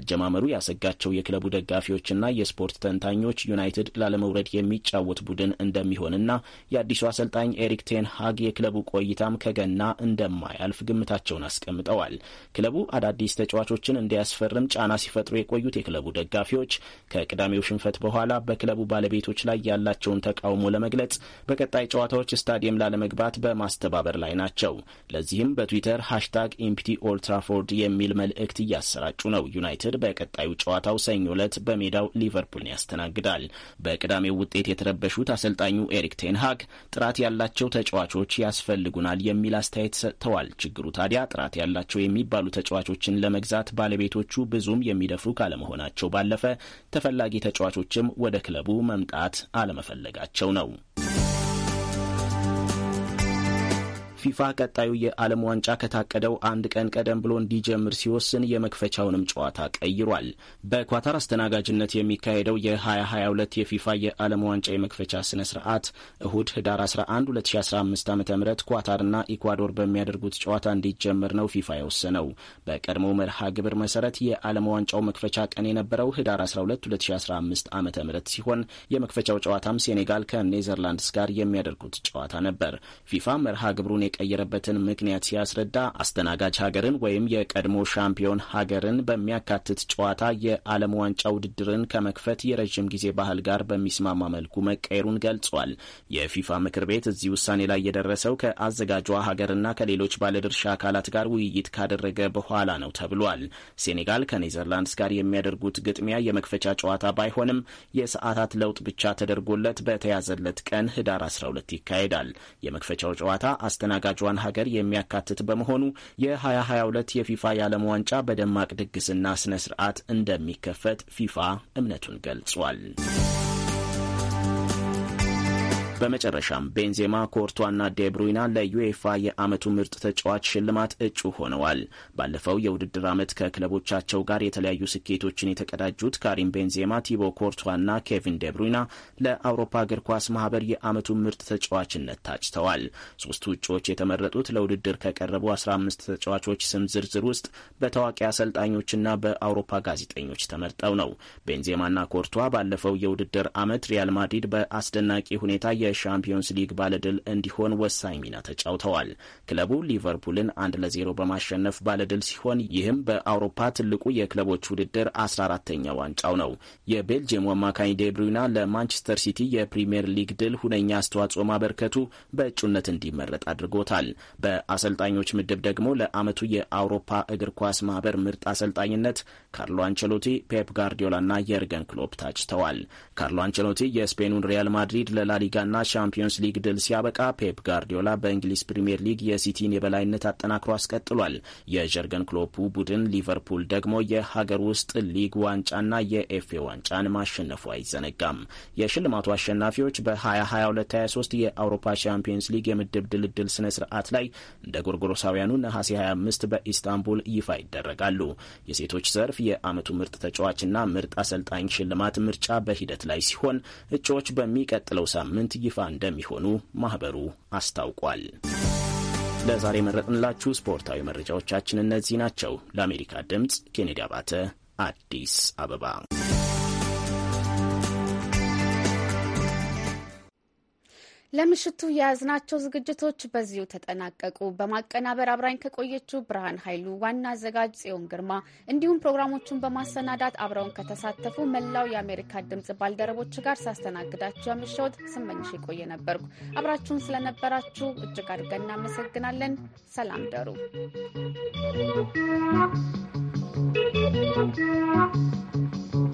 አጀማመሩ ያሰጋቸው የክለቡ ደጋፊዎችና የስፖርት ተንታኞች ዩናይትድ ላለመውረድ የሚጫወት ቡድን እንደሚሆንና የአዲሱ አሰልጣኝ ኤሪክ ቴን ሀግ የክለቡ ቆይታም ከገና እንደማያልፍ ግምታቸውን አስቀምጠዋል። ክለቡ አዳዲስ ተጫዋቾችን እንዲያስፈርም ጫና ሲፈጥሩ የቆዩት የክለቡ ደጋፊዎች ከቅዳሜው ሽንፈት በኋላ በክለቡ ባለቤቶች ላይ ያላቸውን ተቃውሞ ለመግለጽ በቀጣይ ጨዋታዎች ስታዲየም ላለመግባት በማስተባበር ላይ ናቸው። ለዚህም በትዊተር ሃሽታግ ኢምፕቲ ኦልትራፎርድ የሚል መልእክት እያሰራጩ ነው። ዩናይትድ በቀጣዩ ጨዋታው ሰኞ ዕለት በሜዳው ሊቨርፑልን ያስተናግዳል። በቅዳሜው ውጤት የተረበሹት አሰልጣኙ ኤሪክ ቴንሃግ ጥራት ያላቸው ተጫዋቾች ያስፈልጉናል የሚል አስተያየት ሰጥተዋል። ችግሩ ታዲያ ጥራት ያላቸው የሚባሉ ተጫዋቾችን ለመግዛት ባለቤቶቹ ብዙም የሚደፍሩ ካለመሆናቸው ባለፈ ተፈላጊ ተጫዋቾችም ወደ ክለቡ መምጣት አለመፈለጋቸው ነው። ፊፋ ቀጣዩ የዓለም ዋንጫ ከታቀደው አንድ ቀን ቀደም ብሎ እንዲጀምር ሲወስን የመክፈቻውንም ጨዋታ ቀይሯል። በኳታር አስተናጋጅነት የሚካሄደው የ2022 የፊፋ የዓለም ዋንጫ የመክፈቻ ስነ ስርዓት እሁድ ህዳር 11 2015 ዓ ም ኳታርና ኢኳዶር በሚያደርጉት ጨዋታ እንዲጀምር ነው ፊፋ የወሰነው። በቀድሞ መርሃ ግብር መሰረት የዓለም ዋንጫው መክፈቻ ቀን የነበረው ህዳር 12 2015 ዓ ም ሲሆን የመክፈቻው ጨዋታም ሴኔጋል ከኔዘርላንድስ ጋር የሚያደርጉት ጨዋታ ነበር። ፊፋ መርሃ ግብሩን የቀየረበትን ምክንያት ሲያስረዳ አስተናጋጅ ሀገርን ወይም የቀድሞ ሻምፒዮን ሀገርን በሚያካትት ጨዋታ የዓለም ዋንጫ ውድድርን ከመክፈት የረዥም ጊዜ ባህል ጋር በሚስማማ መልኩ መቀየሩን ገልጿል። የፊፋ ምክር ቤት እዚህ ውሳኔ ላይ የደረሰው ከአዘጋጇ ሀገርና ከሌሎች ባለድርሻ አካላት ጋር ውይይት ካደረገ በኋላ ነው ተብሏል። ሴኔጋል ከኔዘርላንድስ ጋር የሚያደርጉት ግጥሚያ የመክፈቻ ጨዋታ ባይሆንም የሰዓታት ለውጥ ብቻ ተደርጎለት በተያዘለት ቀን ህዳር 12 ይካሄዳል። የመክፈቻው ጨዋታ አስተናጋ አስተናጋጇን ሀገር የሚያካትት በመሆኑ የ2022 የፊፋ የዓለም ዋንጫ በደማቅ ድግስና ስነ ስርዓት እንደሚከፈት ፊፋ እምነቱን ገልጿል። በመጨረሻም ቤንዜማ ኮርቷና ዴብሩይና ለዩኤፋ የዓመቱ ምርጥ ተጫዋች ሽልማት እጩ ሆነዋል። ባለፈው የውድድር ዓመት ከክለቦቻቸው ጋር የተለያዩ ስኬቶችን የተቀዳጁት ካሪም ቤንዜማ፣ ቲቦ ኮርቷና ኬቪን ዴብሩይና ለአውሮፓ እግር ኳስ ማህበር የአመቱ ምርጥ ተጫዋችነት ታጭተዋል። ሶስቱ እጩዎች የተመረጡት ለውድድር ከቀረቡ 15 ተጫዋቾች ስም ዝርዝር ውስጥ በታዋቂ አሰልጣኞችና በአውሮፓ ጋዜጠኞች ተመርጠው ነው። ቤንዜማና ኮርቷ ባለፈው የውድድር ዓመት ሪያል ማድሪድ በአስደናቂ ሁኔታ የ የሻምፒዮንስ ሊግ ባለድል እንዲሆን ወሳኝ ሚና ተጫውተዋል። ክለቡ ሊቨርፑልን አንድ ለዜሮ በማሸነፍ ባለድል ሲሆን ይህም በአውሮፓ ትልቁ የክለቦች ውድድር 14ተኛ ዋንጫው ነው። የቤልጅየሙ አማካኝ ዴብሩይና ለማንቸስተር ሲቲ የፕሪምየር ሊግ ድል ሁነኛ አስተዋጽኦ ማበርከቱ በእጩነት እንዲመረጥ አድርጎታል። በአሰልጣኞች ምድብ ደግሞ ለዓመቱ የአውሮፓ እግር ኳስ ማህበር ምርጥ አሰልጣኝነት ካርሎ አንቸሎቲ፣ ፔፕ ጋርዲዮላና የርገን ክሎፕ ታጭተዋል። ካርሎ አንቸሎቲ የስፔኑን ሪያል ማድሪድ ለላሊጋና ሻምፒዮንስ ሊግ ድል ሲያበቃ ፔፕ ጋርዲዮላ በእንግሊዝ ፕሪምየር ሊግ የሲቲን የበላይነት አጠናክሮ አስቀጥሏል። የጀርገን ክሎፑ ቡድን ሊቨርፑል ደግሞ የሀገር ውስጥ ሊግ ዋንጫና የኤፍኤ ዋንጫን ማሸነፉ አይዘነጋም። የሽልማቱ አሸናፊዎች በ2022/23 የአውሮፓ ሻምፒዮንስ ሊግ የምድብ ድልድል ስነ ስርዓት ላይ እንደ ጎርጎሮሳውያኑ ነሐሴ 25 በኢስታንቡል ይፋ ይደረጋሉ። የሴቶች ዘርፍ የዓመቱ ምርጥ ተጫዋችና ምርጥ አሰልጣኝ ሽልማት ምርጫ በሂደት ላይ ሲሆን እጩዎች በሚቀጥለው ሳምንት ይፋ እንደሚሆኑ ማኅበሩ አስታውቋል። ለዛሬ የመረጥንላችሁ ስፖርታዊ መረጃዎቻችን እነዚህ ናቸው። ለአሜሪካ ድምፅ ኬኔዲ አባተ አዲስ አበባ ለምሽቱ የያዝናቸው ዝግጅቶች በዚሁ ተጠናቀቁ። በማቀናበር አብራኝ ከቆየችው ብርሃን ኃይሉ፣ ዋና አዘጋጅ ጽዮን ግርማ እንዲሁም ፕሮግራሞቹን በማሰናዳት አብረውን ከተሳተፉ መላው የአሜሪካ ድምጽ ባልደረቦች ጋር ሳስተናግዳችሁ ያመሸሁት ስመኝሽ የቆየ ነበርኩ። አብራችሁን ስለነበራችሁ እጅግ አድርገን እናመሰግናለን። ሰላም ደሩ